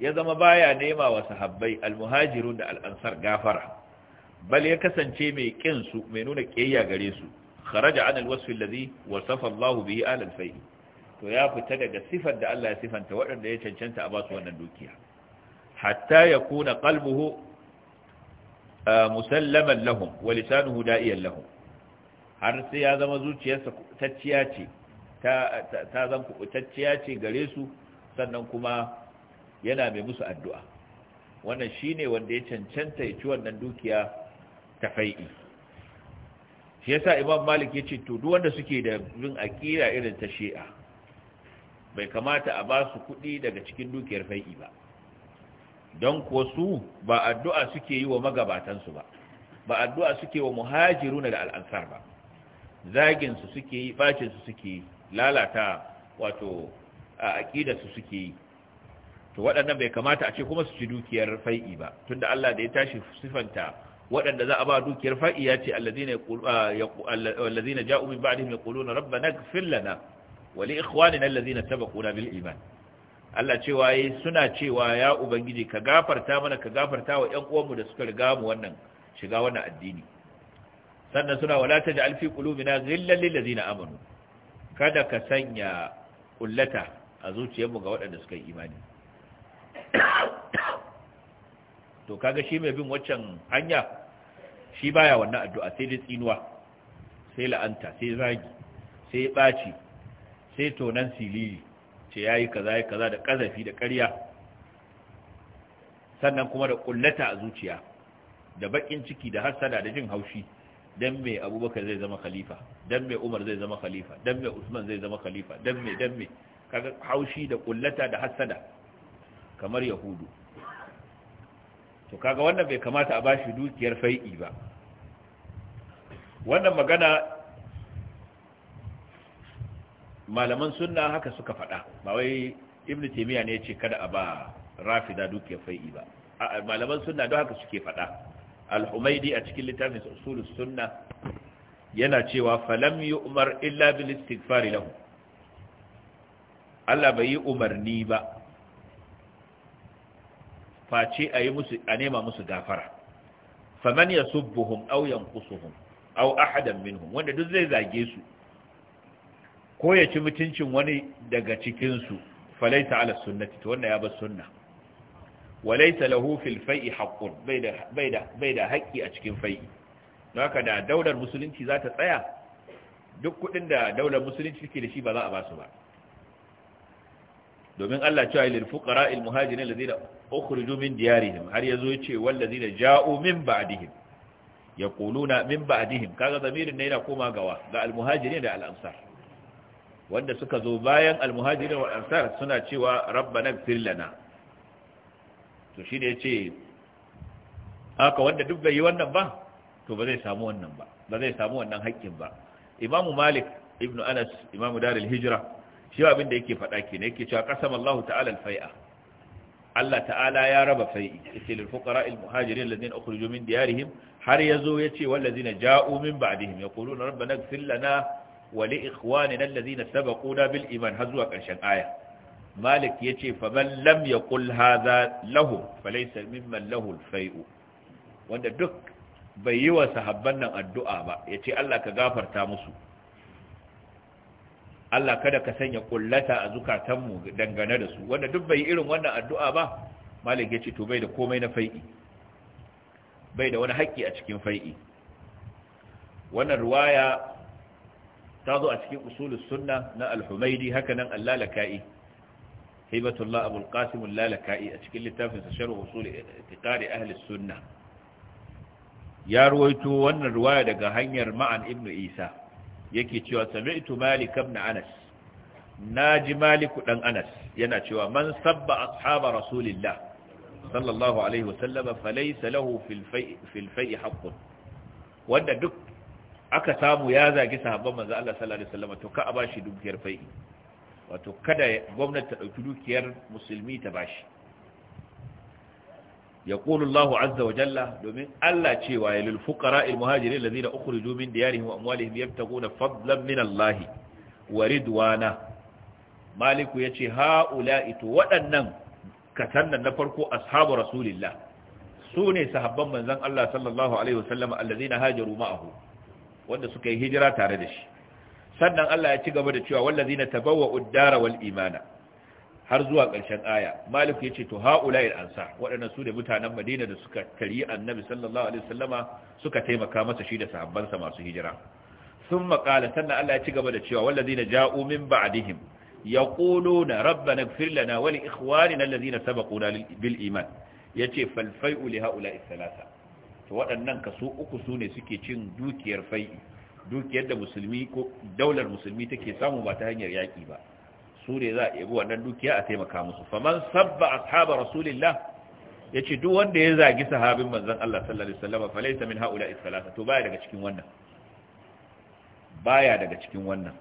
ya zama baya nema wa sahabbai almuhajirun da al'ansar gafara bal ya kasance mai kin su mai nuna kiyayya gare su kharaja an alwasfi alladhi wasafa Allah bihi alal fayl to ya fita daga sifar da Allah ya sifanta waɗanda ya cancanta a ba su wannan dukiya hatta yakuna qalbuhu musallaman lahum wa lisanuhu da'iyan lahum har sai ya zama zuciyarsa tacciya ce ta zan kubutacciya ce gare su sannan kuma yana mai musu addu'a wannan shi ne wanda ya cancanta ya ci wannan dukiya ta fai'i shi yasa imam malik ya ce to duk wanda suke da bin akira irin ta shi'a bai kamata a ba su kuɗi daga cikin dukiyar fai'i ba don kuwa su ba addu'a suke yi wa magabatansu ba ba addu'a suke wa muhajiru na da al'ansar ba zaginsu suke yi bacinsu suke yi lalata wato a aqida su suke yi to waɗannan bai kamata a ce kuma su ci dukiyar fai ba tunda Allah da ya tashi sifanta waɗanda za a ba dukiyar fai'i ya ce allazina allazina ja'u min ba'dihim yaquluna rabbana ighfir lana wa li ikhwanina allazina sabaquna bil iman Allah cewa yi suna cewa ya Ubangiji ka gafarta mana ka gafarta wa ‘yan uwanmu da suka riga mu wannan shiga wannan addini sannan suna walata da alfi ƙulubina zillan lillazi na amanu kada ka sanya kullata a zuciyarmu ga waɗanda suka yi imani to kaga shi mai bin waccan hanya shi baya wannan addu'a sai dai tsinuwa sai la'anta sai zagi sai ɓaci sai tonan silili ce yi kaza kaza da ƙazafi da ƙarya sannan kuma da ƙullata a zuciya da baƙin ciki da hassana da jin haushi dan me abubakar zai zama khalifa dan me umar zai zama khalifa dan me usman zai zama khalifa dan me dan me kaga haushi da kullata da hasada kamar yahudu to kaga wannan bai kamata a bashi dukiyar fai'i ba wannan magana malaman sunna haka suka faɗa ba wai ibnu taymiya ne ya ce kada a ba rafida dukiyar fai'i ba malaman sunna don haka suke faɗa al-humaidi a cikin littafin usulus sunna yana cewa falam yu'mar illa bil istighfar lahu Allah bai yi umarni ba face a yi musu a nema musu gafara faman yasubbuhum aw yanqusuhum aw ahadan minhum wanda duk zai zage su ko ya ci mutuncin wani daga cikin su falaita ala sunnati to wannan ya bar sunna walaysa lahu fil fai'i haqqun bai da bai da haƙƙi a cikin fai'i don haka da daular musulunci za ta tsaya duk kudin da daular musulunci take da shi ba za a ba su ba domin Allah cewa lil fuqara al muhajirin alladhina ukhriju min diyarihim har yazo yace walladhina ja'u min ba'dihim yaquluna min ba'dihim kaga zamirin ne yana koma gawa ga al muhajirin da al ansar wanda suka zo bayan al muhajirin wal ansar suna cewa rabbana ighfir lana to shi ne ya ce haka wanda duk bai yi wannan ba to ba zai samu wannan ba ba zai samu wannan haƙƙin ba imamu malik ibn anas imamu darul hijira shi abin da yake faɗa Na yake cewa qasama Allah ta'ala faia Allah ta'ala ya raba fai'i yace lil fuqara al muhajirin alladhina ukhriju min diyarihim har yazo yace wallazina ja'u min ba'dihim yaquluna rabbana ighfir lana wa li ikhwanina alladhina sabaquna bil iman har zuwa ƙarshen aya malik ya ce لم يقل ya له فليس lahu له الفيء lahu دك wanda duk bai yi يتي الله nan addu'a ba ya ce Allah kada ka sanya kullata a zukatanmu dangane da su wanda duk bai irin wannan addu'a ba malik ya ce to bai da komai na fai'i bai da wani haƙƙi a cikin fai'i wannan ruwaya ta zo a cikin usulus sunna na al haka nan allalaka'i abu al qasim lalaka'i a cikin littafin sa sharh usul i'tiqadi ahli ya ruwaito wannan riwaya daga hanyar ma'an ibn isa yake cewa sami'tu malik ibn anas naji malik dan anas yana cewa man sabba ashaba rasulillah sallallahu alaihi wasallam falaysa lahu fil fai fil haqqun wanda duk aka samu ya zagi sahabban manzo Allah sallallahu alaihi wasallam to ka a bashi dukiyar fai'i wato kada gwamnati ta ɗauki dukiyar musulmi ta bashi ya ƙulu Allah azza wa jalla domin Allah cewa ya lulfuƙara ilmuhajiri lalzina ukhriju min diyarihim wa amwalihim yabtaguna fadlan min Allah wa ridwana maliku yace haula'i to waɗannan katannan na farko ashabu rasulillah su ne sahabban manzon Allah sallallahu alaihi wasallam allazina hajaru ma'ahu wanda suka yi hijira tare da shi sannan Allah ya ci gaba da cewa wallazina na ad-dara wal imana har zuwa ƙarshen aya malik ya ce to haula'il ansa waɗannan su ne mutanen madina da suka tari annabi sallallahu alaihi sallama suka taimaka masa shi da sahabbansa masu hijira Sun maƙala sannan Allah ya ci gaba da cewa wallazina ja'u min ba'dihim yaquluna rabbana ighfir lana wa li ikhwanina alladhina sabaquna bil iman yace fal fai'u li haula'i thalatha to waɗannan kaso uku sune suke cin dukiyar fai'i dukiyar da musulmi ko daular musulmi take samu ba ta hanyar yaƙi ba su ne za a yabi wannan dukiya a taimaka musu faman sabba ashaba rasulillah yace duk wanda ya zagi sahabin manzon Allah sallallahu alaihi wasallam falaysa min haula'i salasa to baya daga cikin wannan baya daga cikin wannan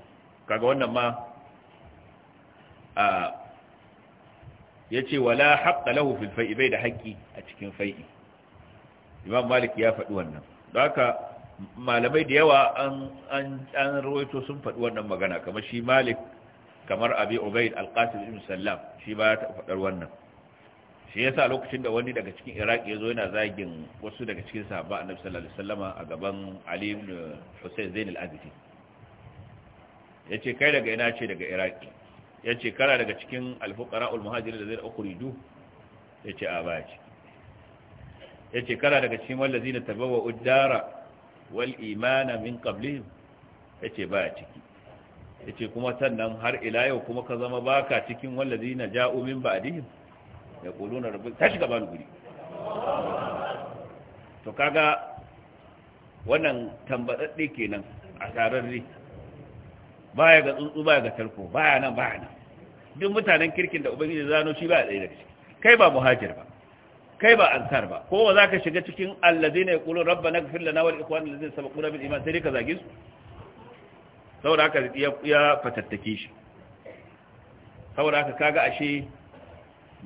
kaga wannan ma a yace wala haqqa lahu fil fai'i bai da haƙi a cikin fai'i imam malik ya faɗi wannan don haka malamai da yawa an rawaito sun faɗi wannan magana kamar shi malik kamar abi ubaid alqasim ibn sallam shi ba ta faɗar wannan shi yasa lokacin da wani daga cikin iraq ya zo yana zagin wasu daga cikin sahaba annabi sallallahu alaihi salama a gaban ali ibn husayn zain al-abidin yace kai daga ina ce daga iraq yace kana daga cikin al-fuqara da muhajirin da zai Ya yace a ba ce yace kana daga cikin wallazina tabawwa Uddara. wal imana min qablihim yace baya ciki yace kuma sannan har ila yau kuma ka zama baka cikin wallazina ja'u min ba'dihim rabbi ta shiga bani guri to kaga wannan tambadadde kenan a tararri baya ga tsuntsu baya ga tarko baya nan baya nan duk mutanen kirkin da ubangiji zano shi baya ɗaya daga ciki kai ba muhajir ba kai ba ansar ba ko ba za ka shiga cikin allazina yaqulun rabbana ighfir lana wal ikhwana allazina sabaquna bil iman sai ka zage su saboda haka ya fatattake shi saboda haka kaga ashe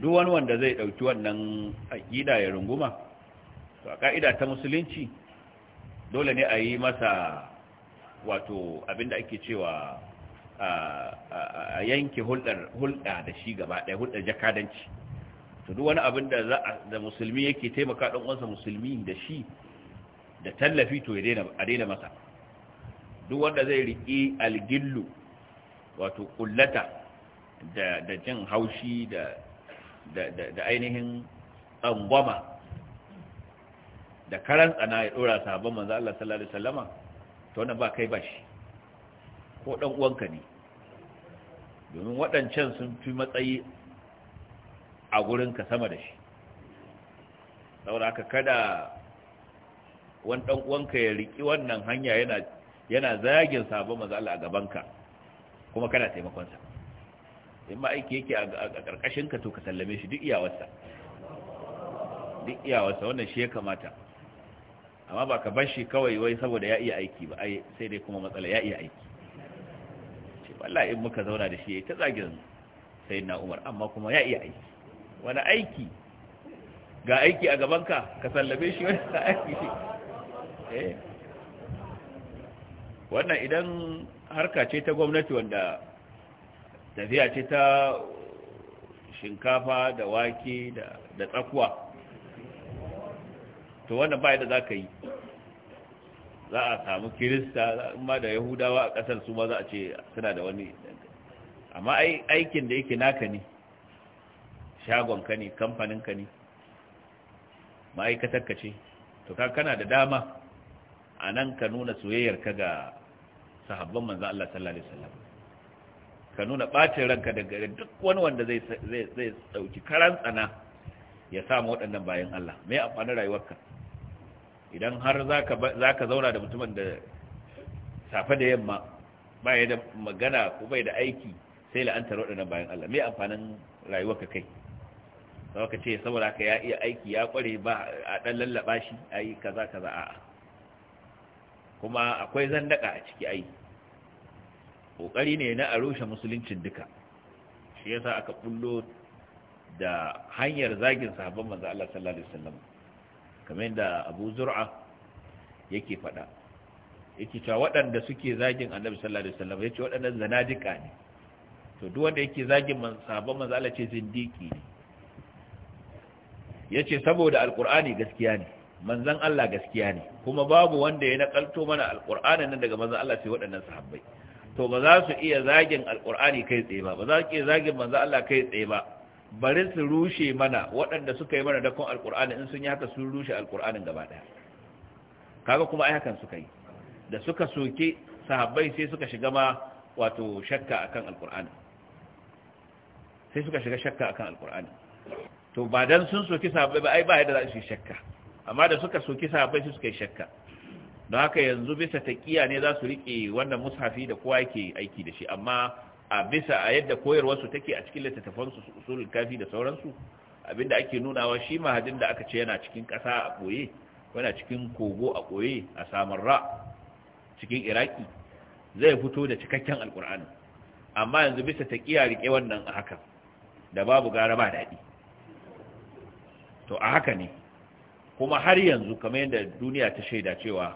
duk wani wanda zai dauki wannan aqida ya runguma to a ka'ida ta musulunci dole ne a yi masa wato abinda ake cewa a yanke hulɗa da shi gaba ɗaya hulɗar jakadanci to duk wani abin da za da musulmi yake taimaka dan uwansa musulmi da shi da tallafi to ya daina a daina masa duk wanda zai riƙi algillu wato kullata da da jin haushi da da da ainihin tsangwama da karan tsana ya dora sahabban manzo Allah sallallahu alaihi wasallama to wannan ba kai ba shi ko dan uwanka ne domin waɗancan sun fi matsayi a gurinka sama da shi saboda haka kada wani dan ya riki wannan hanya yana yana zagin sabon maza Allah a gabanka kuma kana taimakon sa in ma aiki yake a karkashin ka to ka sallame shi duk iyawarsa duk iyawarsa wannan shi ya kamata amma ba ka bar shi kawai wai saboda ya iya aiki ba ai sai dai kuma matsala ya iya aiki shi wallahi in muka zauna da shi ta zagin sayyidina Umar amma kuma ya iya aiki wani aiki ga aiki a gabanka ka sallabe shi wani (laughs) aiki shi eh. wannan idan harka ce ta gwamnati wanda tafiya ce ta shinkafa da wake da tsakuwa to wannan ba da za ka yi za a samu kirista ma da yahudawa a kasar su ma za a ce suna da wani amma aikin da yake naka ne shagonka ne kamfaninka ne ma'aikatarka ce to ka kana da dama a nan ka nuna soyayyarka ga sahabban manzan Allah sallallahu Alaihi wasallam ka nuna ɓacin ranka daga duk wani wanda zai ɗauki karan tsana ya samu waɗannan bayan Allah mai amfani rayuwarka idan har za ka zauna da mutumin da safe da yamma baya da magana ko bai da aiki sai la'antar waɗannan bayan Allah mai amfanin rayuwarka kai sau ka ce saboda ka ya iya aiki ya kware ba a ɗan lallaba shi a yi kaza kaza a kuma akwai zandaka a ciki ai ƙoƙari ne na a rushe musuluncin duka shi yasa aka bullo da hanyar zagin sahabban manzo Allah sallallahu alaihi wasallam kamar da Abu Zur'a yake faɗa yake cewa waɗanda suke zagin Annabi sallallahu alaihi wasallam yace waɗannan zanadika ne to duk wanda yake zagin sahabban manzo Allah ce zindiki ne yace saboda alkur'ani gaskiya ne manzan Allah gaskiya ne kuma babu wanda ya nakalto mana alkur'ani nan daga manzan Allah sai waɗannan sahabbai to ba za su iya zagin alkur'ani kai tsaye ba ba za su iya zagin manzan Allah kai tsaye ba bari su rushe mana waɗanda suka yi mana dakon alkur'ani in sun yi haka sun rushe alkur'ani gaba ɗaya kaga kuma ai hakan suka yi da suka soke sahabbai sai suka shiga ma wato shakka akan alkur'ani sai suka shiga shakka akan alkur'ani to ba dan sun soki sahabbai ba ai ba yadda za su yi shakka amma da suka soki sahabbai su suka yi shakka don haka yanzu bisa taqiya ne za su rike wannan mushafi da kowa yake aiki da shi amma a bisa a yadda koyarwar su take a cikin littattafan su usulul kafi da sauransu abinda ake nunawa shi mahadin da aka ce yana cikin ƙasa a boye yana cikin kogo a boye a samarra cikin iraki zai fito da cikakken alkur'ani amma yanzu bisa taqiya rike wannan a haka da babu gara ba daɗi to a haka ne kuma har yanzu kamar yadda duniya ta shaida cewa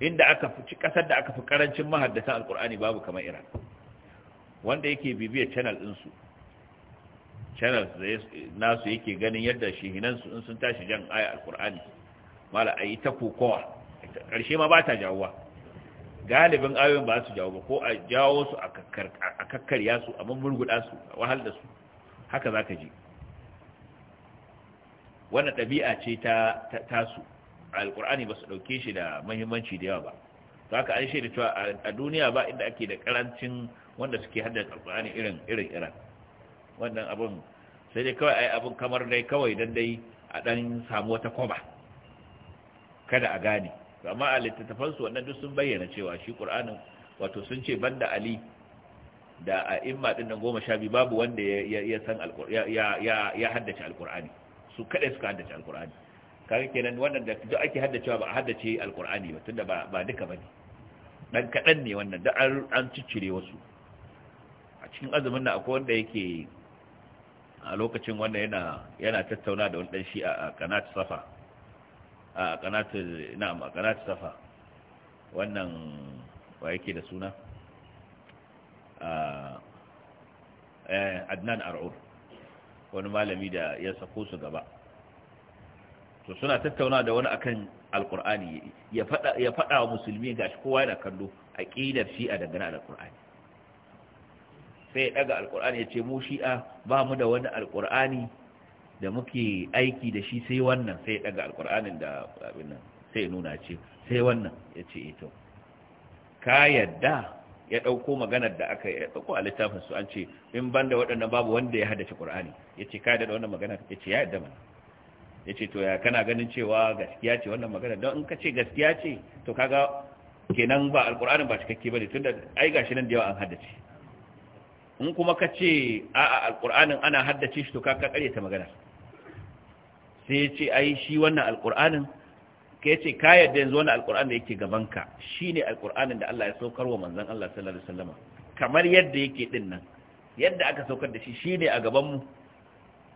inda aka fi kasar da aka fi karancin mahaddatan alkur'ani babu kamar iran wanda yake bibiyar channel ɗinsu channel nasu yake ganin yadda shihinansu in sun tashi jan aya alkur'ani mala a yi ta kokowa ƙarshe ma ba ta jawowa galibin ayoyin ba su jawo ba ko a jawo su a kakkarya su a mummurguɗa su a wahal da su haka za ka ji wannan ɗabi'a ce ta tasu alƙur'ani ba su ɗauke shi da mahimmanci da yawa ba to haka an shaida cewa a duniya ba inda ake da karancin wanda suke haddace alƙur'ani irin irin iran wannan abun sai dai kawai yi abun kamar dai kawai dan dai a dan samu wata kwaba kada a gane amma a littattafan su wannan duk sun bayyana cewa shi qur'anin wato sun ce banda ali da a dinnan goma sha biyu babu wanda ya san ya ya haddace alkur'ani su kaɗai suka haddace alkur'ani kaga kenan waɗanda duk ake haddacewa ba a haddace alkur'ani ba tunda ba duka ba ne ɗan kaɗan ne wannan da an ciccire wasu a cikin azumin na akwai wanda yake a lokacin wanda yana yana tattauna da wani dan shi a kanat safa a kanat na'am a kanat safa wannan wa yake da suna A eh, Adnan Ar'ur wani malami da ya sako su gaba to suna tattauna da wani akan alkur'ani ya fada ya fada wa musulmi gashi kowa yana kallo aqidar shi'a dangane da alkur'ani sai ya daga alkur'ani ya ce mu shi'a ba mu da wani alkur'ani da muke aiki da shi sai wannan sai ya daga alkur'anin da abin nan sai ya nuna ce sai wannan ya ce ito eh ka yadda ya ɗauko maganar da aka ya ɗauko a littafin su an ce in ban da waɗannan babu wanda ya haddace ƙur'ani ya ce ka da wannan magana ya ce ya yadda mana ya ce to ya kana ganin cewa gaskiya ce wannan magana don in ka ce gaskiya ce to kaga kenan ba alƙur'anin ba cikakke ba ne tun da ai gashi nan da yawa an haddace in kuma ka ce a'a alƙur'anin ana haddace shi to ka ka ƙaryata magana sai ya ce ai shi wannan alƙur'anin kai ce ka yarda yanzu wani alƙur'an da yake gabanka shine alƙur'anin da Allah ya saukar wa manzan Allah sallallahu alaihi wasallam kamar yadda yake din nan yadda aka saukar da shi shi ne a gaban mu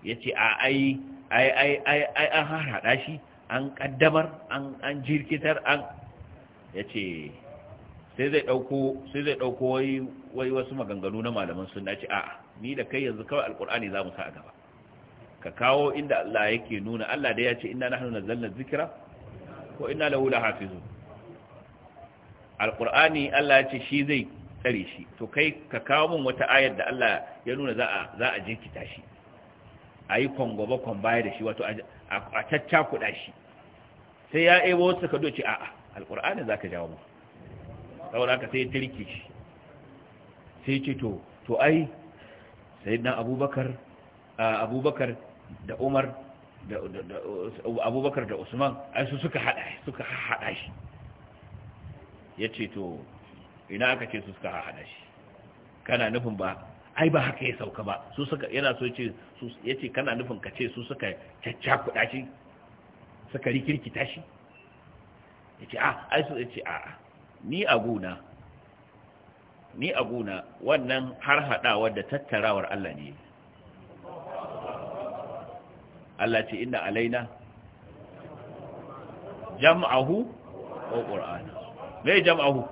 yace a ai ai ai ai an shi an kaddamar an an jirkitar an yace sai zai dauko sai zai dauko wai wai wasu maganganu na malaman sunna ce a ni da kai yanzu kawai alkur'ani zamu sa a gaba ka kawo inda Allah yake nuna Allah da ya ce inna nahnu nazzalna dhikra wa inna lahu Hafizu. alqur'ani Allah ya ce shi zai tsare shi to kai ka kawo min wata ayar da Allah ya nuna za a za a jinkita shi ayi kongoba kon baya da shi wato a caccakuda shi sai ya ebo su ka doce a'a alqur'ani zaka jawo mu saboda haka sai ya tirki shi sai ce to to ai sayyidina abubakar abubakar da umar abubakar da usman ai su suka hada suka hada shi ya ce to ina aka ce su suka hada shi kana nufin ba ai ba haka ya sauka ba su suka yana so ce su yace kana nufin ka ce su suka caccakuda shi suka rikirkita shi yace a ah, ai su yace a ni a guna ni a guna wannan har hadawar da tattarawar Allah ne Allah ce inna alaina jam'ahu wa qur'ana me jam'ahu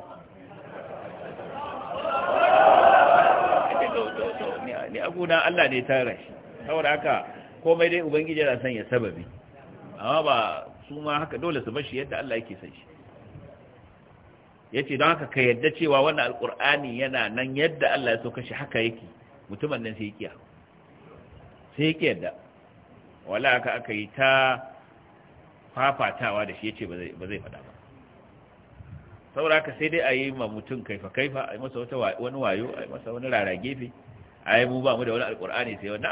ni abuna Allah ne tare shi saboda haka komai dai ubangiji yana sanya sababi amma ba su ma haka dole su shi yadda Allah yake san shi yace don haka ka yadda cewa wannan alqur'ani yana nan yadda Allah ya so kashi haka yake mutumin nan sai ya kiya sai ya yadda wala aka aka yi ta fafatawa da shi yace ba zai faɗa ba saboda haka sai dai a yi ma mutum kaifa kaifa a yi masa wata wani wayo a yi masa wani rara gefe a yi mu ba mu da wani alkur'ani sai wani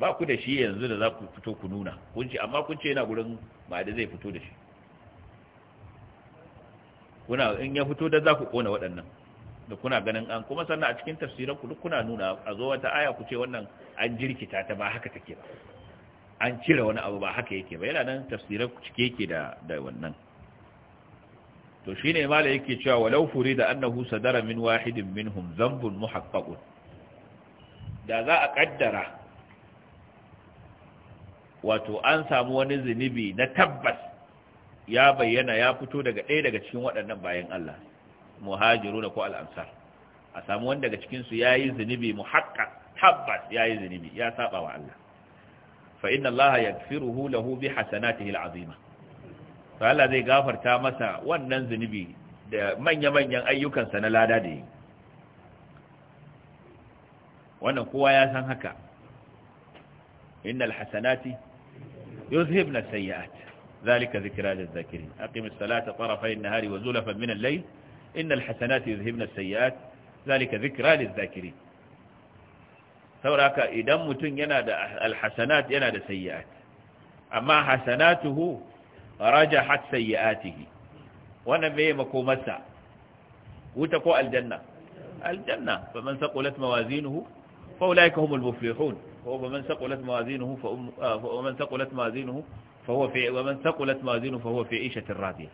ba ku da shi yanzu da za ku fito ku nuna kun ce amma kun ce yana gurin ba da zai fito da shi kuna in ya fito da za ku kona waɗannan da kuna ganin an kuma sannan a cikin tafsiran ku duk kuna nuna a zo wata aya ku ce wannan an jirkita ta ba haka take ba an cire wani abu ba haka yake ba yana nan tafsirar cike yake da da wannan to shine mala yake cewa walau da annahu sadara min wahidin minhum zambun muhaqqaqun da za a kaddara wato an samu wani zunubi na tabbas ya bayyana ya fito daga ɗaya daga cikin waɗannan bayan Allah muhajiru da ko al'amsar a samu wani daga cikinsu ya yi zunubi muhaƙa tabbas ya yi zunubi ya saba wa Allah فإن الله يغفره له بحسناته العظيمة فهلا زي غافر تامسا وننز نبي من يمن ين أيوكا سنلادا دي ونقوى يا سنهكا إن الحسنات يذهبنا السيئات ذلك ذكرى للذاكرين أقم الصلاة طرفي النهار وزلفا من الليل إن الحسنات يذهبنا السيئات ذلك ذكرى للذاكرين sauraka idan mutum yana da alhasanat yana da sayyi'at amma hasanatuhu rajahat sayyi'atihi wannan bai makomarsa wuta ko aljanna aljanna fa man saqulat mawazinuhu fa ulaika humul muflihun ومن ثقلت موازينه فأم... ومن ثقلت موازينه فهو في ومن ثقلت موازينه فهو في عيشة راضية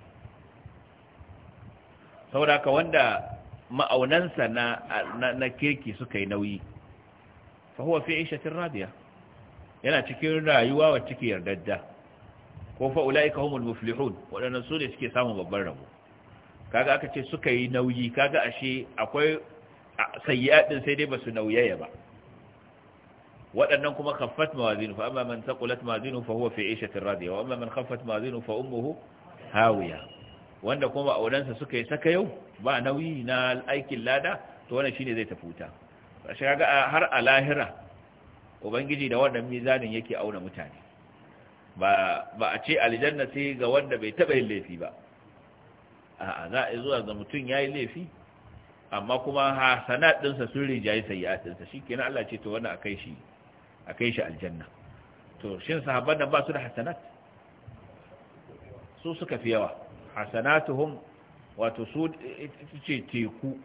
saboda ka wanda ma'aunansa na na kirki suka yi nauyi fa huwa fi 'ishatin radiya yana cikin rayuwa wacce take yardadda ko fa ulaika humul muflihun wadannan sune suke samun babban rabo kaga aka ce suka yi nauyi kaga ashe akwai sayyi'atin sai dai basu nauyaya ba waɗannan kuma khaffat mawazinu fa amma man taqulat mawazinu fa huwa fi 'ishatin radiya wa amma man khaffat mawazinu fa ummuhu hawiya wanda kuma aurensa suka yi saka yau ba nauyi na aikin lada to wannan shine zai tafi wuta shi ga har a lahira ubangiji da wannan mizanin yake auna mutane ba ba a ce aljanna sai ga wanda bai taba yin laifi ba a'a za a zuwa ga mutum yayi laifi amma kuma din sa sun rijayi sayyi'at shi shikenan Allah ce to wannan akai shi akai shi aljanna to shin sahabban nan ba su da hasanat su suka fi yawa hasanatuhum wato su ce teku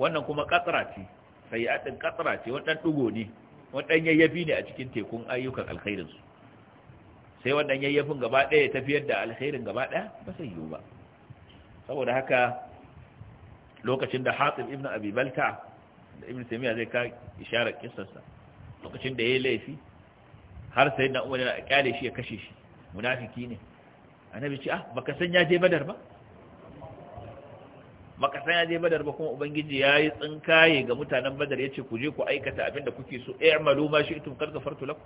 wannan kuma Katsarati. ce sayi'atin katsara ce wadan dugo ne wadan yayyafi ne a cikin tekun ayyukan alkhairin su sai wadan yayyafin gaba daya tafiyar da alkhairin gaba daya ba sai yiwu ba saboda haka lokacin da Hatib ibn Abi Balta da Ibn Taymiyyah zai ka isharar kissarsa lokacin da yayi laifi har sai na Umar ya kyale shi ya kashe shi munafiki ne annabi ce ah baka san ya je Badar ba makasan ya je badar ba kuma ubangiji ya yi tsinkaye ga mutanen badar ya ce ku je ku aikata abin da kuke so ɗaya malu ma shi itum karka farto lakum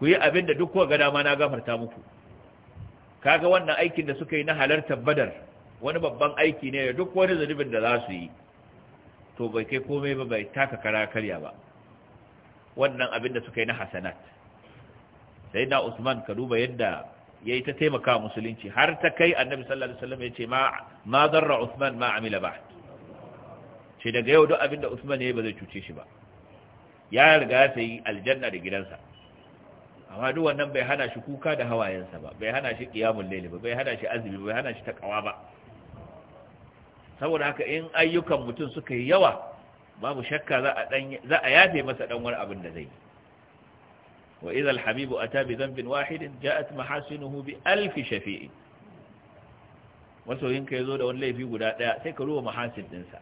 ku yi abin da duk kowa dama na gafarta muku kaga wannan aikin da suka yi na halartar badar wani babban aiki ne ya duk wani zunubin da za su yi to bai kai komai ba bai taka kara karya ba wannan abin da suka yi na hasanat sai na usman ka duba yadda ya yi ta taimaka musulunci har ta kai annabi sallallahu alaihi wasallam yace ma ma darra Uthman ma amila ba. ce daga yau duk abinda Uthman yayi ba zai cuce shi ba ya riga ya sayi aljanna da gidansa amma duk wannan bai hana shi kuka da hawayensa ba bai hana shi qiyamul layl ba bai hana shi azumi bai hana shi taqwa ba saboda haka in ayyukan mutum suka yi yawa babu shakka za a yafe masa dan wani abin da zai yi Wa'izal habibu ata bi dhanbin wahidin ja'at mahasinuhu bi alf shafi'i masoyinka yazo da wani laifi guda daya sai ka ruwa mahasin dinsa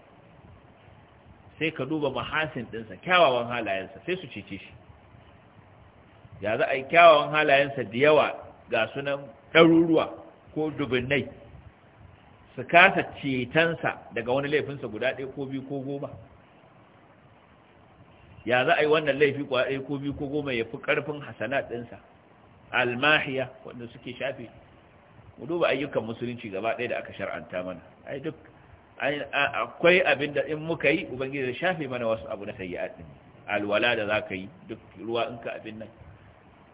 sai ka duba mahasin ɗinsa kyawawan halayensa sai su cece shi ya za a yi kyawawan halayensa da yawa ga sunan ɗaruruwa ko dubinnai su kasa cetonsa daga wani laifinsa guda ɗaya ko biyu ko goma ya za a yi wannan laifi kwa ko biyu ko goma ya fi ƙarfin hasana ɗinsa almahiya wanda suke shafe mu duba ayyukan musulunci gaba ɗaya da aka shar'anta mana ai duk akwai abin da in muka yi ubangiji da shafe mana wasu abu na sayyi'at ɗin alwala da za ka yi duk ruwa in ka abin nan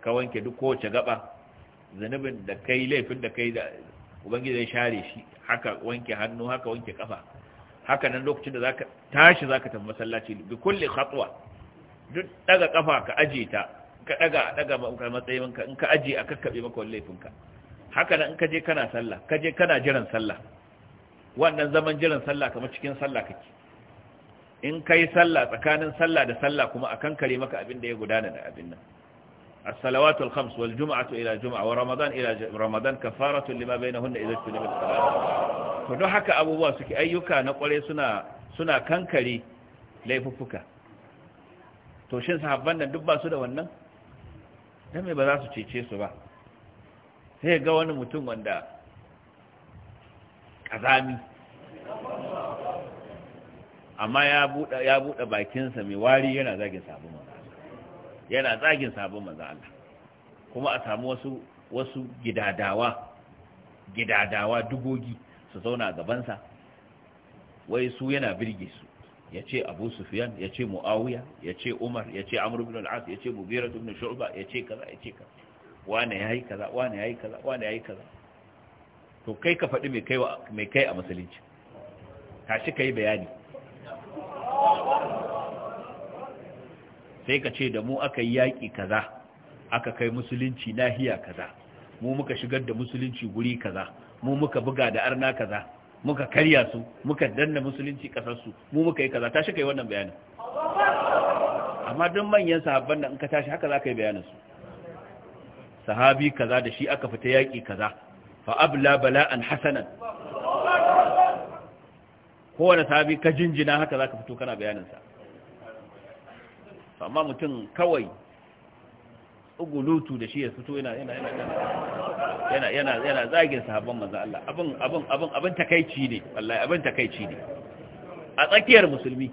ka wanke duk kowace gaba zunubin da kai laifin da kai da ubangiji zai share shi haka wanke hannu haka wanke kafa haka nan lokacin da zaka tashi zaka tafi masallaci bi kulli khatwa duk daga kafa ka aje ta ka daga daga ba matsayin ka in ka aje a kakkabe maka wallaifin ka haka nan in ka je kana sallah ka je kana jiran sallah wannan zaman jiran sallah kamar cikin sallah kake in kai sallah tsakanin sallah da sallah kuma akan kare maka abin da ya gudana da abin nan As-Salawatu الصلوات الخمس والجمعة إلى جمعة ورمضان إلى رمضان كفارة لما بينهن salat to duk haka abubuwa suke, ayyuka na kware suna suna kankare laifuffuka to shin sahabban nan duk ba su da wannan dan me ba za su cece su ba sai ga wani mutum wanda kazami amma ya buɗe ya buɗe bakinsa mai wari yana zagin sabon manzo yana zagin sabon manzo Allah kuma a samu wasu wasu gidadawa gidadawa dugogi su zauna gabansa wai su yana birge su ya ce abu sufiyan ya ce mu'awiya ya ce umar ya ce amur bin al'as ya ce mubira bin shu'ba ya ce kaza ya ce kaza wane ya yi kaza wane ya yi kaza wane ya yi kaza to kai ka faɗi mai kai a musulunci tashi ka yi bayani sai ka ce da mu aka yi yaƙi kaza aka kai musulunci nahiya kaza mu muka shigar da musulunci guri kaza mu muka buga da arna kaza muka karya su muka danna musulunci kasarsu mu muka yi kaza tashi kai wannan bayanin amma duk manyan sahabban da in ka tashi haka za ka yi bayanin su sahabi kaza da shi aka fita yaƙi kaza fa abla bala'an hasanan kowane sahabi ka jinjina haka za ka fito kana bayanin sa amma mutum kawai ugulutu da shi ya fito yana yana yana yana yana yana zagin sahabban manzo Allah abin abin abin abin takeici ne wallahi abin takeici ne a tsakiyar musulmi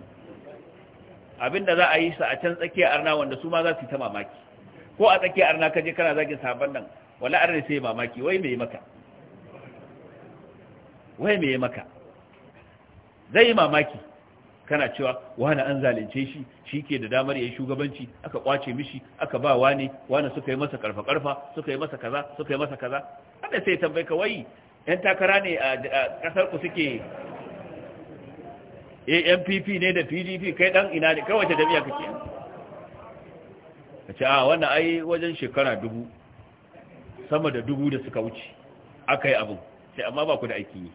abinda za a yi sa a can tsakiyar arna wanda su ma za su yi ta mamaki ko a tsakiyar arna kaje kana zagin sahabban nan wallahi arna sai mamaki wai me maka wai me maka zai mamaki kana cewa wani an zalince shi shi ke da damar ya yi shugabanci aka kwace mishi aka ba wani wani suka yi masa karfa-karfa suka yi masa kaza suka yi masa kaza wanda sai tambayi kawai yan takara ne a kasar ku suke ampp eh, ne da pdp kai dan ina ne kai wace jami'a kake ka ce a wani ai wajen shekara dubu sama da dubu da suka wuce aka yi abin sai amma ba ku da aiki ne.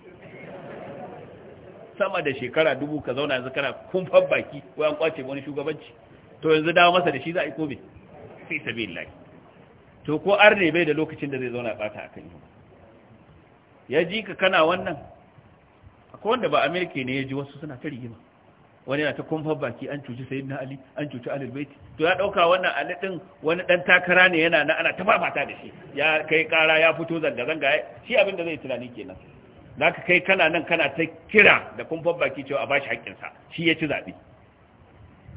sama da shekara dubu ka zauna yanzu kana kumfan baki ko an kwace wani shugabanci to yanzu dawo masa da shi za a yi kome fi sabilillahi to ko ne bai da lokacin da zai zauna bata akan yi ya ji ka kana wannan akwai wanda ba amerika ne ya ji wasu suna ta rigima wani yana ta kumfan baki an cuci sayyid na ali an cuci alil baiti to ya dauka wannan ali din wani dan takara ne yana na ana ta da shi ya kai kara ya fito zanga zanga shi abin da zai tunani kenan za ka kai kana nan kana ta kira da kumfan baki cewa a bashi haƙƙinsa shi ya ci zaɓe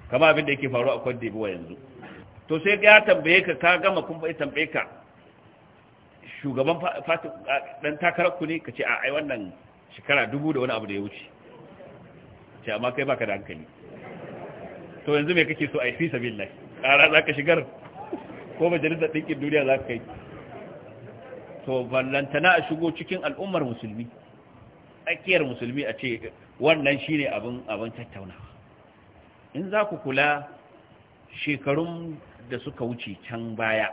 kama abin da yake faru a kwan wa yanzu to sai ya tambaye ka ka gama kun bai tambaye ka shugaban fatin ɗan takarar ku ne ka ce a ai wannan shekara dubu da wani abu da ya wuce ce amma kai baka da hankali to yanzu me kake so a yi fi sabin lai ƙara za ka shigar ko majalisar ɗinkin duniya za ka kai to ballantana a shigo cikin al'ummar musulmi tsakiyar musulmi a ce wannan shi ne abin tattaunawa in za ku kula shekarun da suka wuce can baya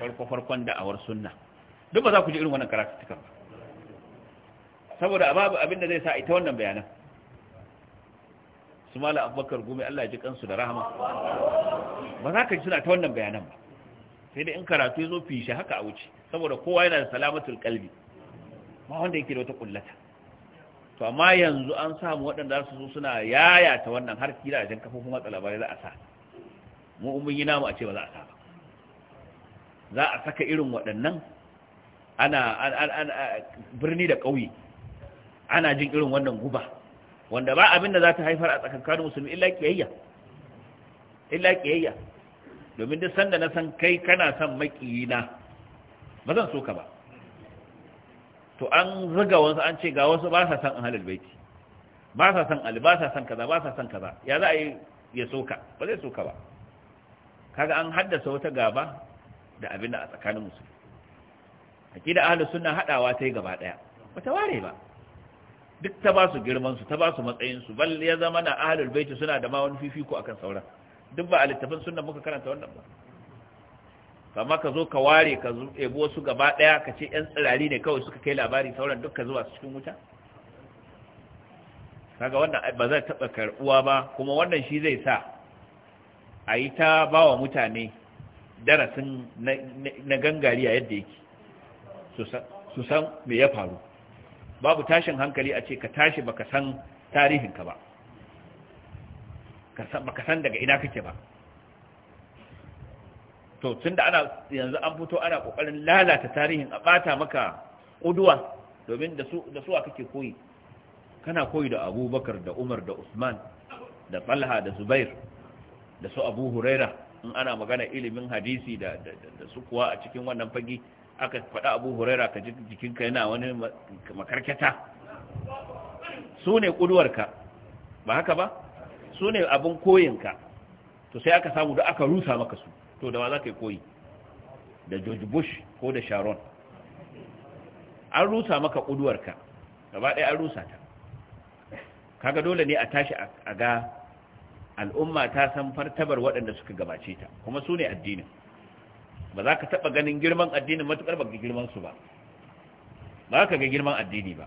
farko-farkon da'awar sunna duk ba za ku ji irin wannan karatattuka ba saboda babu abin da zai sa ita wannan bayanan su mala abubakar gumi Allah ya ji kansu da rahama ba za ka ji suna ta wannan bayanan ba sai da in karatu ya zo fi shi haka a wuce saboda kowa yana da salamatul kalbi ma wanda yake da wata kullata to amma yanzu an samu waɗanda su zo suna yayata wannan har jan kafofin watsa labarai za a sa mu mun yi namu a ce ba za a sa ba za a saka irin waɗannan ana birni da ƙauye ana jin irin wannan guba wanda ba abin da za ta haifar a tsakankanin musulmi illa kiyayya illa kiyayya domin duk sanda na san kai kana son makiyina ba zan so ka ba to an zuga wasu an ce ga wasu ba sa san ahlul baiti ba sa san ali ba sa san kaza ba sa san kaza ya za a yi ya soka ba zai soka ba kaga an haddasa wata gaba da abin da a tsakanin musu akida ahlus sunna hadawa ta yi gaba daya ta ware ba duk ta ba su girman su ta ba su matsayin su bal ya zama na ahlul baiti suna da ma wani fifiko akan sauran duk ba a littafin sunna muka karanta wannan ba kama ka zo ka ware ka ebo wasu gaba daya ka ce yan tsirari ne kawai suka kai labari sauran duk ka zuwa cikin wuta kaga wannan ba zai taba karbuwa ba kuma wannan shi zai sa a yi ta bawa mutane darasin na gangari a yadda yake su san me ya faru babu tashin hankali a ce ka tashi baka san tarihin ka ba baka san daga ina kake ba to tun da ana yanzu an fito ana kokarin lalata tarihin a bata maka uduwa domin da su da kake koyi kana koyi da Abubakar da Umar da Usman da Talha da Zubair da su Abu Huraira in ana magana ilimin hadisi da da su kuwa a cikin wannan fagi aka faɗa Abu Huraira ka ji jikinka yana wani makarkata su ne kuduwarka ba haka ba su ne abin koyinka to sai aka samu da aka rusa maka su to da wa za ka yi koyi da george bush ko da sharon an rusa maka kuduwarka gaba ɗaya an rusa ta kaga dole ne a tashi a ga al'umma ta san fartabar waɗanda suka gabace ta kuma su ne addinin ba za ka taɓa ganin girman addinin matuƙar ba girman su ba ba ka ga girman addini ba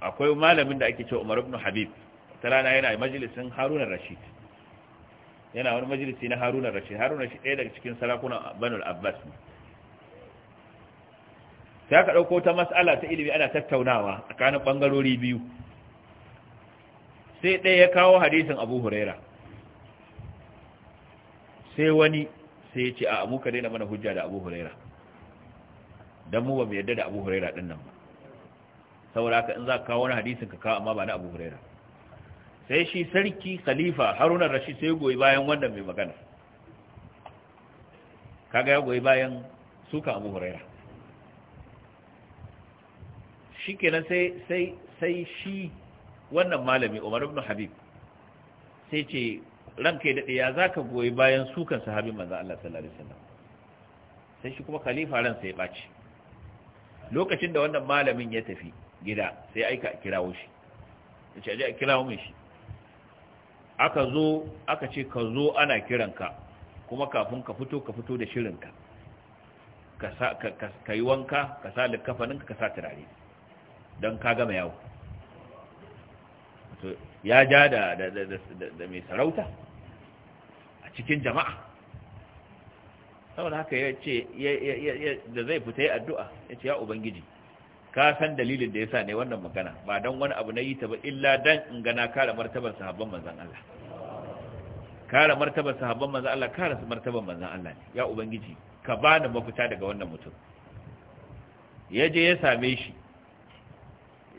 akwai malamin da ake ce umar ibn habib ta rana yana majalisin haruna rashid yana wani majalisi na haruna rashid haruna shi ɗaya daga cikin sarakunan banul abbas ne sai aka ɗauko ta mas'ala ta ilimi ana tattaunawa tsakanin ɓangarori biyu sai ɗaya ya kawo hadisin abu huraira sai wani sai ya ce a amuka daina mana hujja da abu huraira don mu ba mu yadda da abu huraira ɗin nan ba saboda haka in za ka kawo wani hadisin ka kawo amma ba na abu huraira sai shi sarki khalifa haruna rashid sai goyi bayan wanda mai magana kaga ya goyi bayan suka abu huraira shi kenan sai sai sai shi wannan malami umar ibn habib sai ce ranka ya daɗe ya za ka goyi bayan sukan sahabin manzan Allah sallallahu Alaihi wasallam sai shi kuma khalifa ran ya ɓaci lokacin da wannan malamin ya tafi gida sai aika a kirawo shi ya ce aji a kirawo mai shi aka zo aka ce ka zo ana kiranka kuma kafin ka fito ka fito da shirinka ka yi wanka ka sa likafaninka ka sa turare don ka gama yawo ya ja da mai sarauta a cikin jama'a saboda haka ya ce da zai fita yi addu'a ya ce ya ubangiji ka san dalilin da ya sa ne wannan magana ba don wani abu na yi ta ba illa don in gana kare martabar sahabban manzan Allah kare martabar sahabban manzan Allah kare su martabar manzan Allah ya ubangiji ka bani mafita daga wannan mutum ya je ya same shi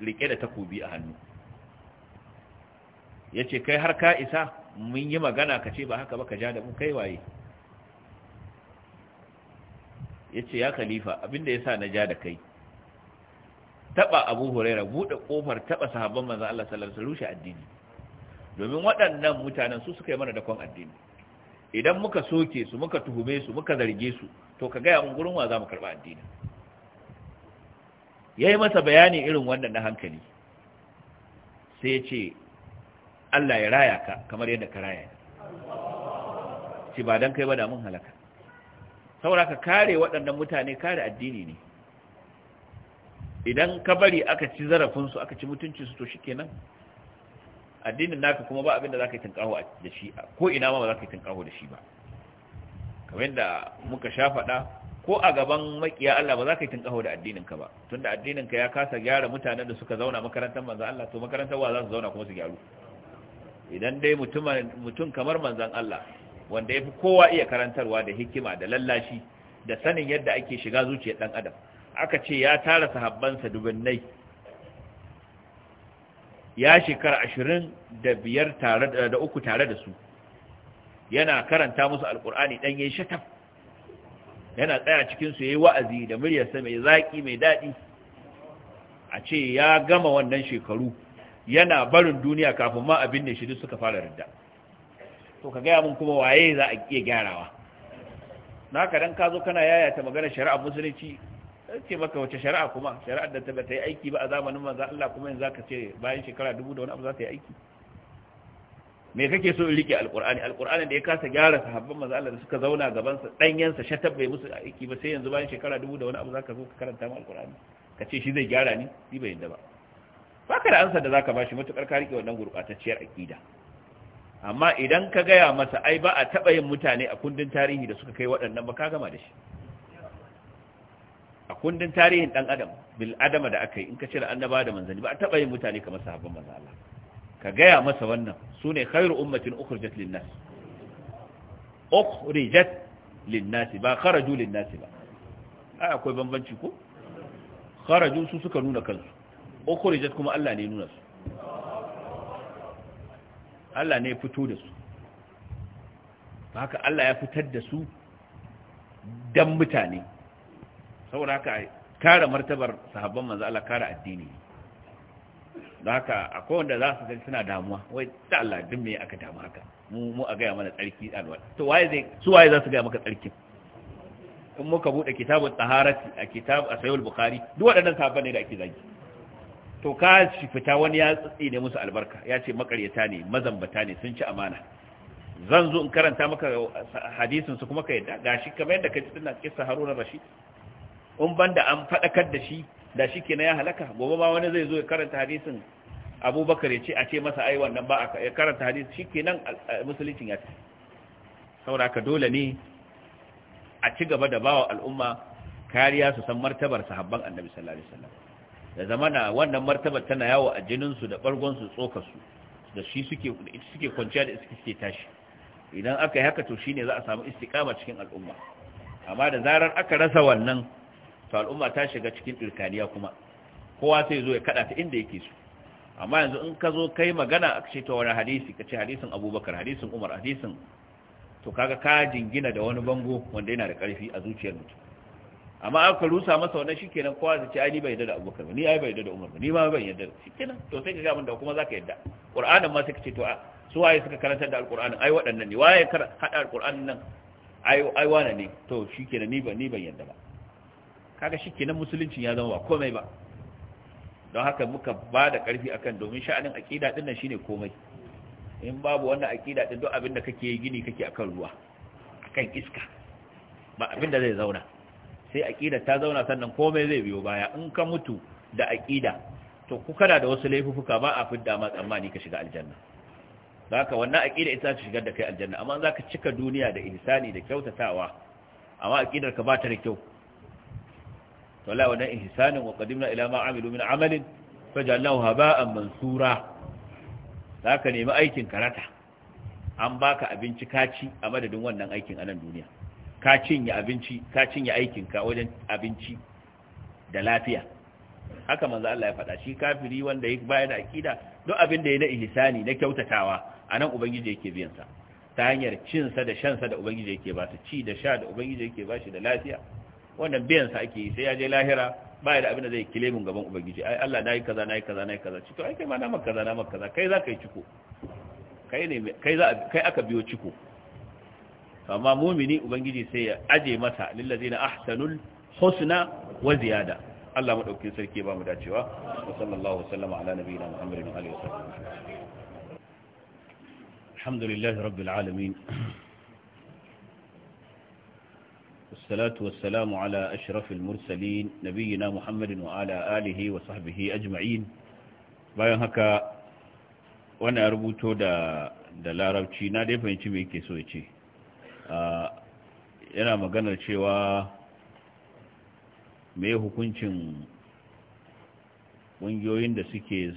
rike da takobi a hannu ya ce kai har ka isa mun yi magana ka ce ba haka ba ka ja da mu kai waye ya ce ya khalifa abinda ya sa na ja da kai taba abu huraira buɗe ƙofar taba sahabban manzan Allah sallallahu alaihi wasallam rushe addini domin waɗannan mutanen su suka yi mana dakon addini idan muka soke su muka tuhume su muka zarge su to ka gaya mun gurin wa za mu karɓa addini ya yi masa bayani irin wannan na hankali sai ya ce Allah ya raya ka kamar yadda ka raya Ci ba don kai ba da halaka saura ka kare waɗannan mutane kare addini ne idan ka bari aka ci zarafinsu aka ci mutuncinsu to shi kenan addinin naka kuma ba abin da za ka yi tunƙaho da shi ko ina ma ba za ka yi tunƙaho da shi ba kamar yadda muka sha faɗa ko a gaban makiya Allah ba za ka yi tunƙaho da addininka ba tunda addininka ya kasa gyara mutanen da suka zauna makarantar manzan Allah to makarantar wa za su zauna kuma su gyaru idan dai mutum kamar manzan Allah wanda ya fi kowa iya karantarwa da hikima da lallashi da sanin yadda ake shiga zuciyar ɗan adam aka ce ya tara sahabbansa dubinnai ya shekara ashirin da biyar tare da uku tare da su yana karanta musu alkur'ani dan yayi shataf, yana tsaya cikin su yi wa'azi da muryarsa mai zaki mai daɗi, a ce ya gama wannan shekaru yana barin duniya kafin ma abin da shi duk suka fara ridda to ka gaya mun kuma waye za a iya gyarawa naka dan ka zo kana yayata magana shari'ar musulunci ce maka wace shari'a kuma shari'ar da ta ta yi aiki ba a zamanin manzo Allah kuma yanzu zaka ce bayan shekara dubu da wani abu za ta yi aiki me kake so in rike alqur'ani alqur'ani da ya kasa gyara sahabban manzo Allah da suka zauna gaban sa danyen sa shatab bai musu aiki ba sai yanzu bayan shekara dubu da wani abu zaka zo ka karanta mu alqur'ani ka ce shi zai gyara ni shi bai yadda ba baka da ansa da zaka bashi matukar ka rike wannan gurbatacciyar akida amma idan ka gaya masa ai ba a taba yin mutane a kundin tarihi da suka kai waɗannan ba ka gama da shi a kundin tarihin dan adam bil adama da aka yi in ka cire annaba da manzanni ba a taba yin mutane kamar sahabban manzo Allah ka gaya masa wannan sune khairu ummatin ukhrijat lin nas ukhrijat lin nas ba kharaju lin nas ba ai akwai bambanci ko kharaju su suka nuna kansu ukhrijat kuma Allah ne nuna su Allah ne fito da su ba haka Allah ya fitar da su dan mutane saboda haka kare martabar sahabban manzo Allah kare addini don haka akwai wanda za su suna damuwa wai da Allah duk me aka damu haka mu mu a gaya mana tsarki alwal to waye zai su waye za su gaya maka tsarkin in muka bude kitabun taharati a kitab asayul bukhari duk waɗannan sahabban ne da ake zagi to ka shi fita wani ya tsitsi ne musu albarka ya ce makaryata ne mazambata ne sun ci amana zan zo in karanta maka hadisin su kuma ka yadda gashi kamar yadda ka ci dinnan kissa Haruna Rashid in da an faɗakar da shi da shi ke na ya halaka gobe ba wani zai zo ya karanta hadisin abubakar ya ce a ce masa ai wannan ba ya karanta hadis shi ke nan ya tafi saboda ka dole ne a ci gaba da bawa al'umma kariya su san martabar sahabban annabi sallallahu alaihi wasallam da zamana wannan martabar tana yawo a su da ɓargonsu tsokarsu da shi suke kwanciya da suke tashi idan aka yi haka to shine za a samu istiqama cikin al'umma amma da zarar aka rasa wannan to al'umma ta shiga cikin irkaniya kuma kowa sai zo ya kada ta inda yake so amma yanzu in ka zo kai magana a ce ta wani hadisi ka ce hadisin abubakar hadisin umar hadisin to kaga ka jingina da wani bango wanda yana da karfi a zuciyar mutum amma aka rusa masa wannan shikenan kowa zai ce ai ni bai yarda da abubakar ba ni ai bai yarda da umar ba ni ma bai yarda shikenan to sai ka ga mun da kuma zaka yarda qur'anin ma sai ka ce to su waye suka karanta da alqur'anin ai waɗannan ne waye hada alqur'anin nan ai ai wane ne to shikenan ni ba ni ban yarda ba kaga kenan musulunci ya zama ba komai ba don haka muka ba da karfi akan domin sha'anin aƙida din nan shine komai in babu wannan aƙida din duk abinda kake yi gini kake akan ruwa akan iska ba abinda zai zauna sai aƙida ta zauna sannan komai zai biyo baya in ka mutu da aƙida, to ku kana da wasu laifuka ba a fidda ma tsammani ka shiga aljanna zaka wannan aƙida ita ta shigar da kai aljanna amma zaka cika duniya da ihsani da kyautatawa amma aƙidar ka ba ta da kyau Wala Allah wannan ihsanin wa qadimna ila ma amilu min amalin fajalnahu haba'an mansura zaka nemi aikin karata an baka abinci kaci a madadin wannan aikin a nan duniya ka cinye abinci ka cinye aikin ka wajen abinci da lafiya haka manzo Allah ya faɗa shi kafiri wanda ya bayar da akida duk abin da ya na ihsani na kyautatawa anan ubangiji yake biyan sa ta hanyar cin sa da shan sa da ubangiji yake ba ta ci da sha da ubangiji yake ba shi da lafiya wannan biyan sa ake yi sai ya je lahira ba da abin da zai kile mun gaban ubangiji ai Allah nayi kaza nayi kaza nayi kaza ciko ai kai ma na maka kaza na maka kaza kai za kai ciko kai ne kai za kai aka biyo ciko amma mumini ubangiji sai ya aje masa lillazina ahsanul husna wa ziyada Allah madaukakin sarki ba mu dacewa sallallahu wasallama ala nabiyina muhammadin wa alihi wasallam alhamdulillahi rabbil alamin والصلاة والسلام على أشرف المرسلين نبينا محمد وعلى آله وصحبه أجمعين bayan haka wani ya rubuto da da larabci na dai fahimci me yake so ya ce yana maganar cewa me hukuncin ƙungiyoyin da suke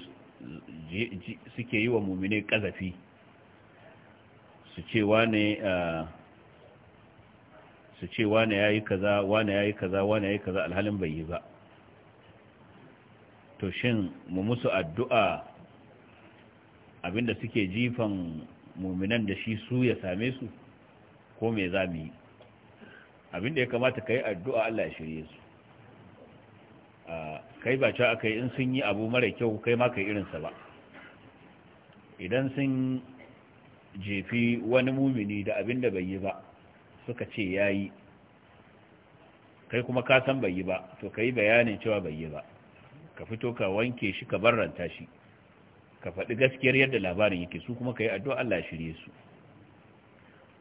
suke yi wa mummune ƙazafi su ce ne. su ce wane yi kaza wane yi kaza wane yi kaza alhalin bai yi ba to shin mu musu addu'a abinda suke jifan muminan da shi su ya same su ko me za mu yi abinda ya kamata ka yi addu'a Allah ya shirye su kai ba cewa aka yi in sun yi abu mara kyau kai ma ka yi irinsa ba idan sun jefi wani mumini da abinda bai yi ba suka ce ya yi kai kuma ka san bai yi ba to ka yi bayanin cewa bai yi ba ka fito ka wanke shi ka barranta shi ka faɗi gaskiyar yadda labarin yake su kuma ka yi addu'a Allah shirye su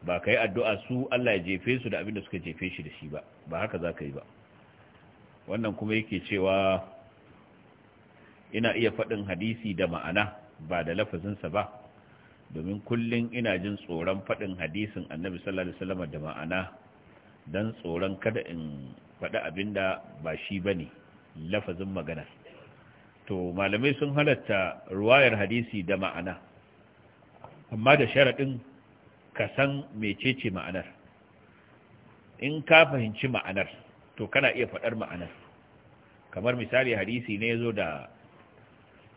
ba ka yi addu'a su Allah ya jefe su da abin da suka jefe shi da shi ba ba haka za ka yi ba wannan kuma yake cewa ina iya faɗin hadisi da ma'ana ba da lafazinsa ba domin kullum ina jin tsoron faɗin hadisin annabi sallallahu alaihi wasallam da ma'ana don tsoron kada in faɗi abin da ba shi ba ne lafazin magana to malamai sun halatta ruwayar hadisi da ma'ana amma da sharaɗin ka san mecece ma'anar in ka fahimci ma'anar to kana iya faɗar ma'anar kamar misali hadisi ne ya zo da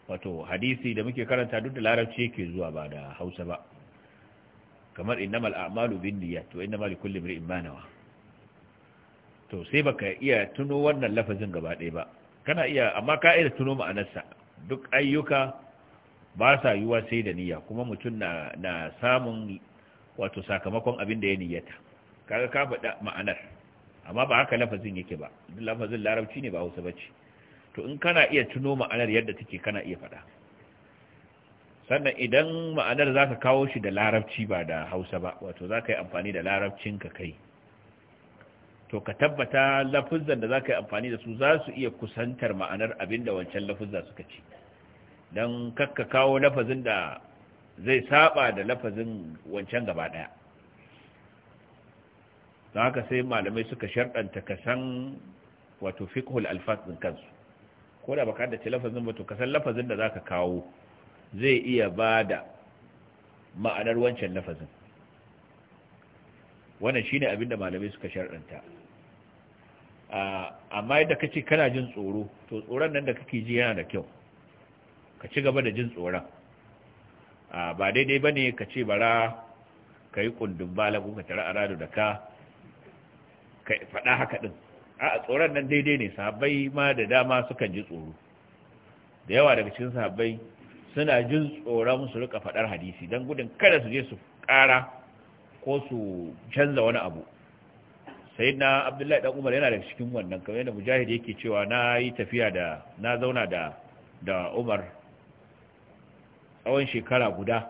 wato hadisi da muke karanta duk da larabci yake zuwa ba da hausa ba kamar innamal a'malu binniyat wa innamal likulli imrin ma nawa to sai baka iya tuno wannan lafazin gaba ɗaya ba kana iya amma ka iya tuno ma'anarsa duk ayyuka ba sa yiwa sai da niyya kuma mutum na na samun wato sakamakon abin da ya niyyata kaga ka faɗa ma'anar amma ba haka lafazin yake ba lafazin larabci ne ba hausa bace to in kana iya tuno ma'anar yadda take kana iya faɗa sannan idan ma'anar za ka kawo shi da larabci ba da hausa ba wato za ka yi amfani da larabcin kai to ka tabbata lafuzan da za ka yi amfani da su za su iya kusantar ma'anar abin da wancan lafuzza suka ce don kakka kawo lafazin da zai saba da lafazin wancan gaba ɗaya za haka sai malamai suka sharɗanta ka san wato fikhul alfaz din kansu ko da baka haddace lafazin ba to ka san lafazin da zaka kawo zai iya bada ma'anar wancan lafazin wannan shine abinda malamai suka sharɗanta amma yadda kace kana jin tsoro to tsoron nan da kake ji yana da kyau ka ci gaba da jin tsoron ba daidai bane ka ce bara ka yi kundin bala ko ka tara arado da ka faɗa haka din a tsoron nan daidai ne sahabbai ma da dama sukan ji tsoro da yawa daga cikin sahabbai suna jin tsoron su rika faɗar hadisi don gudun kada su je su ƙara ko su canza wani abu sai na abdullahi dan umar yana daga cikin wannan kamar yadda mujahid yake cewa na yi tafiya da na zauna da da umar tsawon shekara guda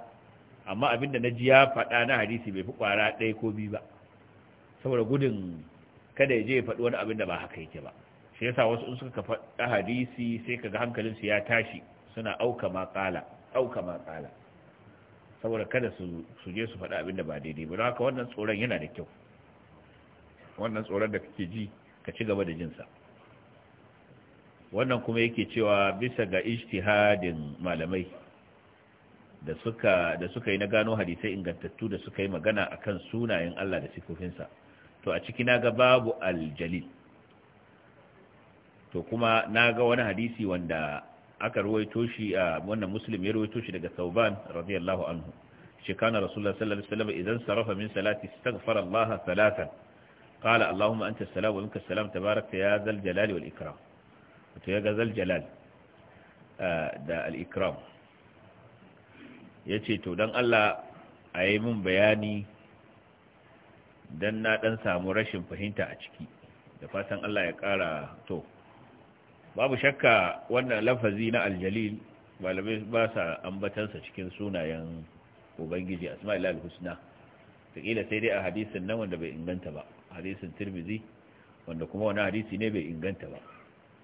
amma abinda na ji ya faɗa na hadisi bai fi ƙwara ɗaya ko biyu ba saboda gudun kada ya je ya faɗi wani abin da ba haka yake ba shi yasa wasu in suka faɗi hadisi sai kaga su ya tashi suna auka ma auka ma saboda kada su je su faɗi abin da ba daidai ba haka wannan tsoron yana da kyau wannan tsoron da kake ji ka ci gaba da jin sa wannan kuma yake cewa bisa ga ijtihadin malamai da suka da suka yi na gano hadisai ingantattu da suka yi magana akan sunayen Allah da sifofinsa to a ciki naga babu aljalil to kuma naga wani hadisi wanda aka ruwaito shi a wannan muslim ya ruwaito shi daga sauban radiyallahu anhu shi kana rasulullah sallallahu alaihi wasallam idan sarafa min salati astaghfara Allah thalathan qala allahumma anta as-salam wa minka as-salam tabaarakta ya zal jalali wal ikram to ya ga zal jalal da al ikram yace to dan Allah ayi mun bayani dan na dan samu rashin fahimta a ciki da fatan Allah ya kara to babu shakka wannan lafazi na aljalil malamai ba sa ambatansa cikin sunayen ubangiji asma'il al-husna takila sai dai a hadisin nan wanda bai inganta ba hadisin tirmizi wanda kuma wani hadisi ne bai inganta ba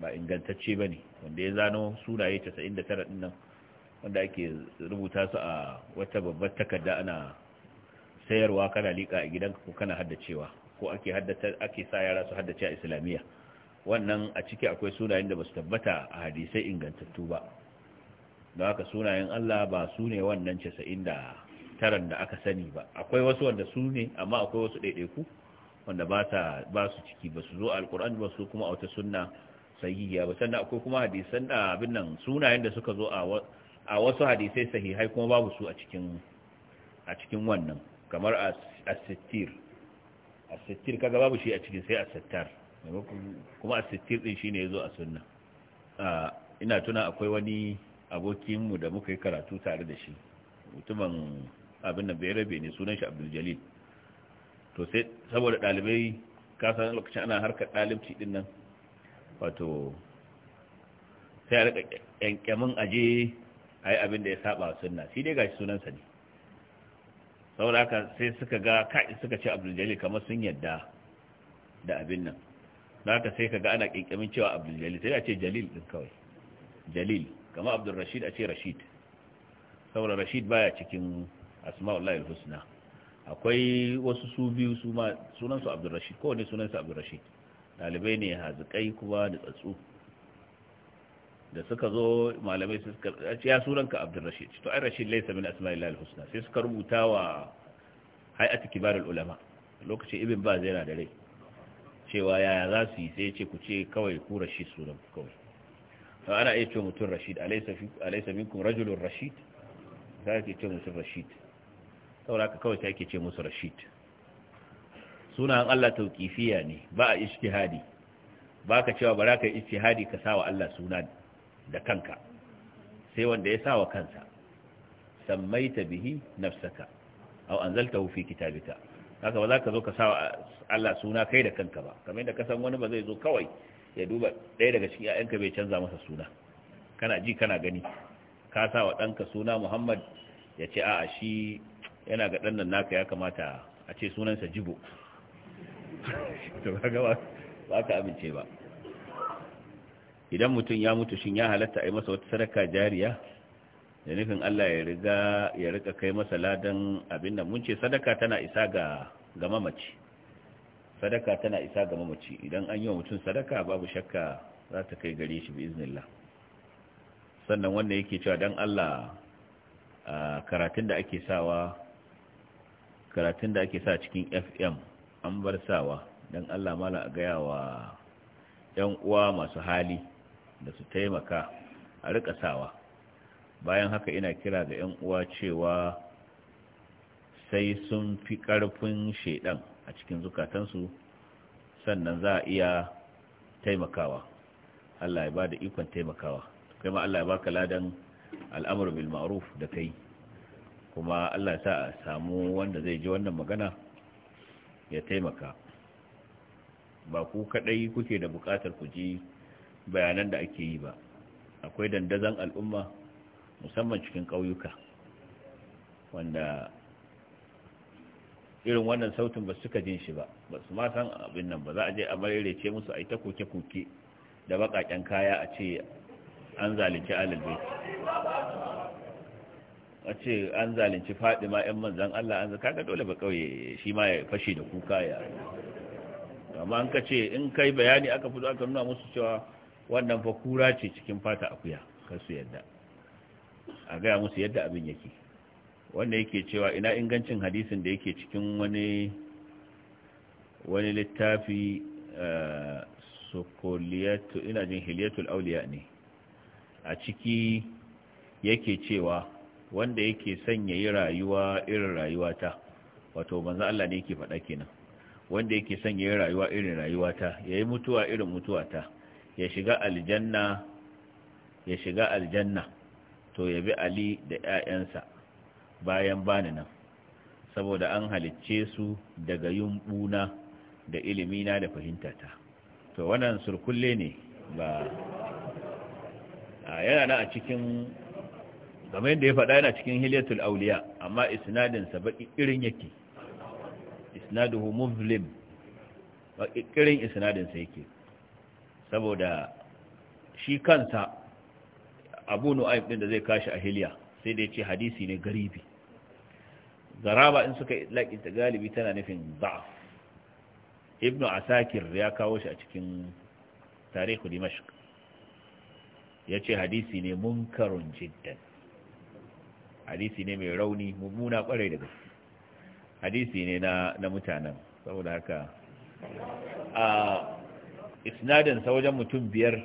ba ingantacce ba ne wanda ya zano sunaye 99 ɗin nan wanda ake rubuta su a wata babbar takarda ana sayarwa kana liƙa a gidanka ko kana haddacewa ko ake haddata ake sa yara su haddace a islamiyya wannan a ciki akwai sunayen da ba su tabbata a hadisai ingantattu ba don haka sunayen Allah ba su ne wannan casa'in da taran da aka sani ba akwai wasu wanda su ne amma akwai wasu ɗaiɗaiku wanda ba su ciki ba su zo alqur'ani ba su kuma auta sunna sahihiya ba sannan akwai kuma hadisan da abin nan sunayen da suka zo a wasu hadisai sahihai kuma babu su a cikin a cikin wannan kamar asittir asittir kaga babu shi a cikin sai asittar kuma asittir din shine yazo a sunna ina tuna akwai wani abokinmu da muka yi karatu tare da shi mutumin abin da rabe ne sunan shi abdul to sai saboda dalibai kasan lokacin ana harkar dalibci din nan wato sai a rika yankamin aje a yi abin da ya saba sunna shi dai gashi sunansa ne saboda haka sai suka ga kai suka ce abdul jalil kamar sun yadda da abin nan haka sai kaga ana kinkimin cewa abdul jalil sai a ce jalil din kawai jalil kamar abdul rashid a ce rashid saboda rashid baya cikin asma'ullahi husna akwai wasu su biyu su ma sunansu abdul rashid kowane sunansu abdul rashid ɗalibai ne hazikai kuma da tsatsu da suka zo malamai su suka ya sunanka abdurrashid to ai rashid laysa min asma'illah al-husna sai suka rubuta wa hay'atu kibar al-ulama lokacin ibn baz yana da rai cewa ya za su yi sai ce ku ce kawai ku rashid suran ku kawai to ana iya ce mutum rashid alaysa fi alaysa minkum rajulun rashid za ke ce mutum rashid saboda ka kawai sai ake ce musu rashid sunan Allah tawqifiya ne ba a ijtihadi ba ka cewa ba za ka yi ijtihadi ka wa Allah suna da kanka sai wanda ya sa wa kansa ta bihi nafsaka aw anzaltahu fi kitabika haka ba za ka zo ka sawa Allah suna kai da kanka ba kamar yadda ka san wani ba zai zo kawai ya duba ɗaya daga cikin ƴaƴanka bai canza masa suna kana ji kana gani ka sawa wa ɗanka suna Muhammad ya ce a'a shi yana ga ɗan nan naka ya kamata a ce sunansa Jibo (laughs) to ba ka amince ba idan mutum ya mutu shin ya halatta a yi masa wata sadaka jariya da nufin Allah ya riga ya rika kai masa ladan abin da mun ce sadaka tana isa ga ga mamaci sadaka tana isa ga mamaci idan an yi wa mutum sadaka babu shakka za ta kai gare shi biiznillah sannan wanda yake cewa dan Allah karatun da ake sawa karatun da ake sa cikin FM an bar sawa dan Allah mala a gaya wa ‘yan uwa masu hali da su taimaka a rika sawa bayan haka ina kira ga 'yan uwa cewa sai sun fi ƙarfin shaidan a cikin zukatansu sannan za a iya taimakawa Allah ya ba da ikon taimakawa kai ma Allah ya baka ladan al'amur bil ma'ruf da kai kuma Allah ya samu wanda zai ji wannan magana ya taimaka ba ku kadai kuke da buƙatar ku ji bayanan da ake yi ba akwai dandazon al'umma musamman cikin ƙauyuka wanda irin wannan sautin ba suka jin shi ba ba su ma san abin nan ba za a je a ce musu a yi ta koke-koke da baƙaƙen kaya a ce an zalunci alalbe a ce an faɗi ma 'yan manzan Allah an zaka ga dole ba ƙauye shi ma ya fashe da kuka ya amma an ka ce in kai bayani aka fito aka nuna musu cewa wannan fa kura ce cikin fata akuya kan su yadda a gaya musu yadda abin yake wanda yake cewa ina ingancin hadisin da yake cikin wani wani littafi eh, sokoliyatu ina jin hiliyatul auliya ne a ciki yake cewa wanda yake sanya yi rayuwa irin rayuwata wato banza Allah ne yake faɗa kenan wanda yake sanya yi rayuwa irin rayuwa ta ya yi mutuwa irin mutuwa ta. ya shiga aljanna ya shiga aljanna to ya bi ali da 'ya'yansa bayan bani nan saboda an halicce su daga yumbuna da ilimina da fahimtata to wannan surkulle ne ba yana na a cikin kamar yadda ya faɗa yana cikin hilyatul auliya amma isnadinsa baƙi irin yake isnaduhu muslim baƙi irin isnadinsa yake saboda shi kansa abu nu'aib din da zai kashi a hiliya sai dai ce hadisi ne garibi garaba in suka laƙi ta galibi tana nufin da'af ibnu asakir ya kawo shi a cikin tarihu dimashq ya ce hadisi ne munkarun jiddan hadisi ne mai rauni mummuna kwarai da gaske hadisi ne na mutanen saboda haka sa wajen mutum biyar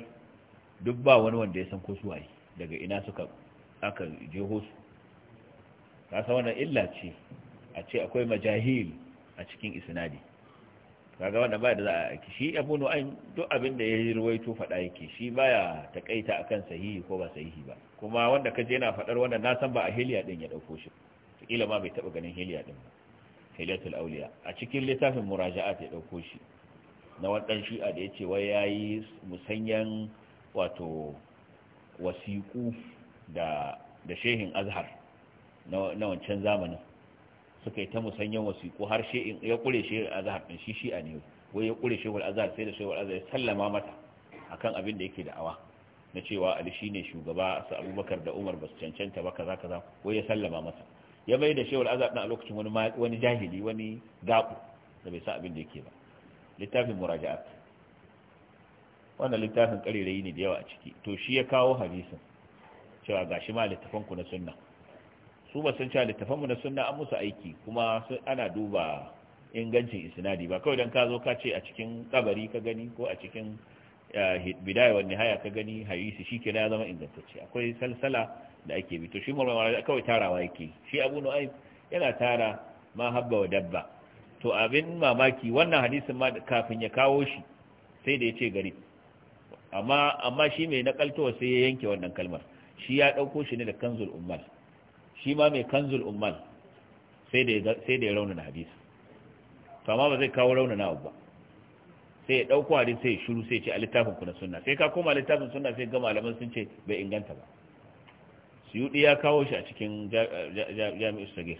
duk ba wani wanda ya san ko su waye daga ina suka aka jeho su san wannan illa ce a ce akwai majahil a cikin isnadi kaga wanda ba da za a shi abu an duk abin da ya ruwaito faɗa yake shi baya takaita akan sahihi ko ba sahihi ba kuma wanda kaje yana faɗar wanda na san ba a heliya din ya dauko shi kila ma bai taba ganin heliya din ba hiliyatul awliya a cikin littafin muraja'at ya ɗauko shi na wadan shi'a da yace wai yayi musanyan wato wasiku da da shehin azhar na wancan zamanin suka yi ta musanyen wasiku har shehin ya kure shehin azhar din shi shi'a ne wai ya kure shehin azhar sai da shehin azhar ya sallama mata akan abin da yake da'awa na cewa ali shine shugaba sa abubakar da umar basu cancanta ba kaza kaza wai ya sallama masa ya bai da shehin azhar din a lokacin wani wani jahili wani gabu da bai sa abin da yake ba littafin muraja'a wannan littafin karerayi ne da yawa a ciki to shi ya kawo hadisin cewa gashi ma littafan ku na sunna su ba sun cewa littafan mu na sunna an musu aiki kuma ana duba ingancin isnadi ba kawai dan ka zo ka ce a cikin kabari ka gani ko a cikin eh, bidaya wani haya ka gani hadisi ke ya zama ingantacce akwai salsala da ake bi to shi murmura kawai tarawa yake shi abu nu'aym yana tara ma habba wa dabba to abin mamaki wannan hadisin ma kafin ya kawo shi sai da ya ce gari amma amma shi mai nakaltowa sai ya yanke wannan kalmar shi ya ɗauko shi ne da kanzul ummal shi ma mai kanzul ummal sai da ya raunana hadisi to amma ba zai kawo raunana ba sai ya ɗauko hadis sai ya shiru sai ce a littafin ku na sunna sai ka koma littafin sunna sai ga malaman sun ce bai inganta ba suyudi ya kawo shi a cikin jami'ul sagir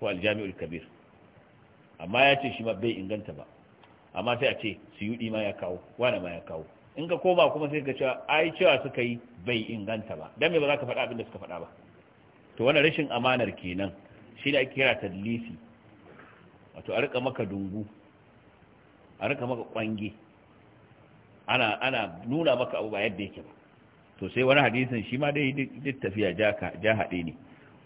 ko aljami'ul kabir amma ya ce shi ma bai inganta ba amma sai a ce suyudi ma ya kawo wane ma ya kawo in ka koma kuma sai ka cewa ai cewa suka yi bai inganta ba dan me ba za ka faɗa abin da suka faɗa ba to wannan rashin amanar kenan shi da ake kira tadlisi wato a rika maka dungu a rika maka kwange ana ana nuna maka abu ba yadda yake ba to sai wani hadisin shi ma dai duk tafiya ja haɗe ne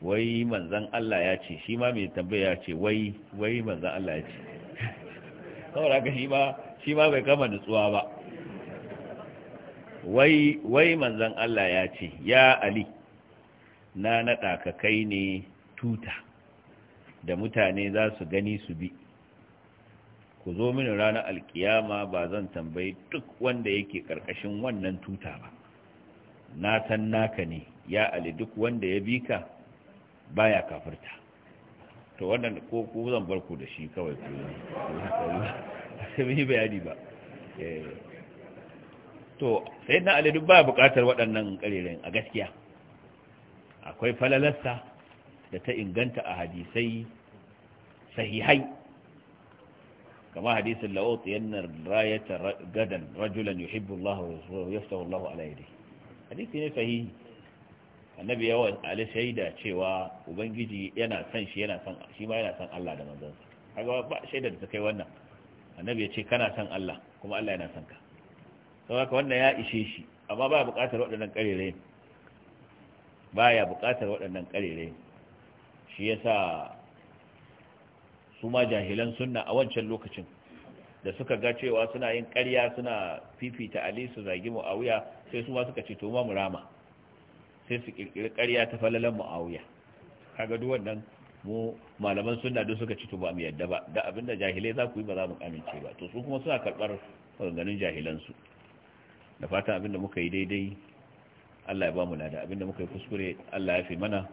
wai manzan Allah ya ce shi ma mai tambaya ce wai wai manzan Allah ya ce (laughs) saboda haka shi ma shi ma bai kama nutsuwa ba wai wai manzan Allah ya ce ya Ali na naɗa ka kai ne tuta da mutane za su gani su bi ku zo mini ranar alkiyama ba zan tambayi duk wanda yake karkashin wannan tuta ba na san naka ne ya ali duk wanda ya bi ka baya kafirta to wannan ko ku zan bar ku da shi kawai ku sai mun (laughs) yi bayani ba eh. to sai na ali duk baya buƙatar waɗannan ƙarerayin a gaskiya akwai falalarsa da ta inganta a hadisai sahihai kama hadisin la'ut yannar rayata gadan rajulan yuhibbu Allah wa yaftahu Allah hadisi ne sahihi annabi yawa ali shaida cewa ubangiji yana son shi yana son shi ma yana son Allah da manzansa kaga ba shaida da ta wannan annabi ya ce kana son Allah kuma Allah yana son ka haka wannan ya ishe shi amma ba buƙatar waɗannan baya buƙatar waɗannan karere shi yasa su ma jahilan sunna a wancan lokacin da suka ga cewa suna yin ƙarya suna fifita ali su zagi mu a wuya sai su ma suka ce to ma mu rama sai su kirkiri ƙarya ta falalan muawiya kaga duk wannan mu malaman sunna duk suka ci to ba mu yadda ba da abinda jahilai za ku yi ba za mu amince ba to su kuma suna karbar maganganun jahilan su da fatan abinda muka yi daidai Allah ya ba mu lada abinda muka yi kuskure Allah ya fi mana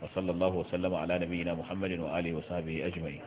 wa sallallahu wa sallama ala nabiyyina Muhammadin wa alihi wa sahbihi ajma'in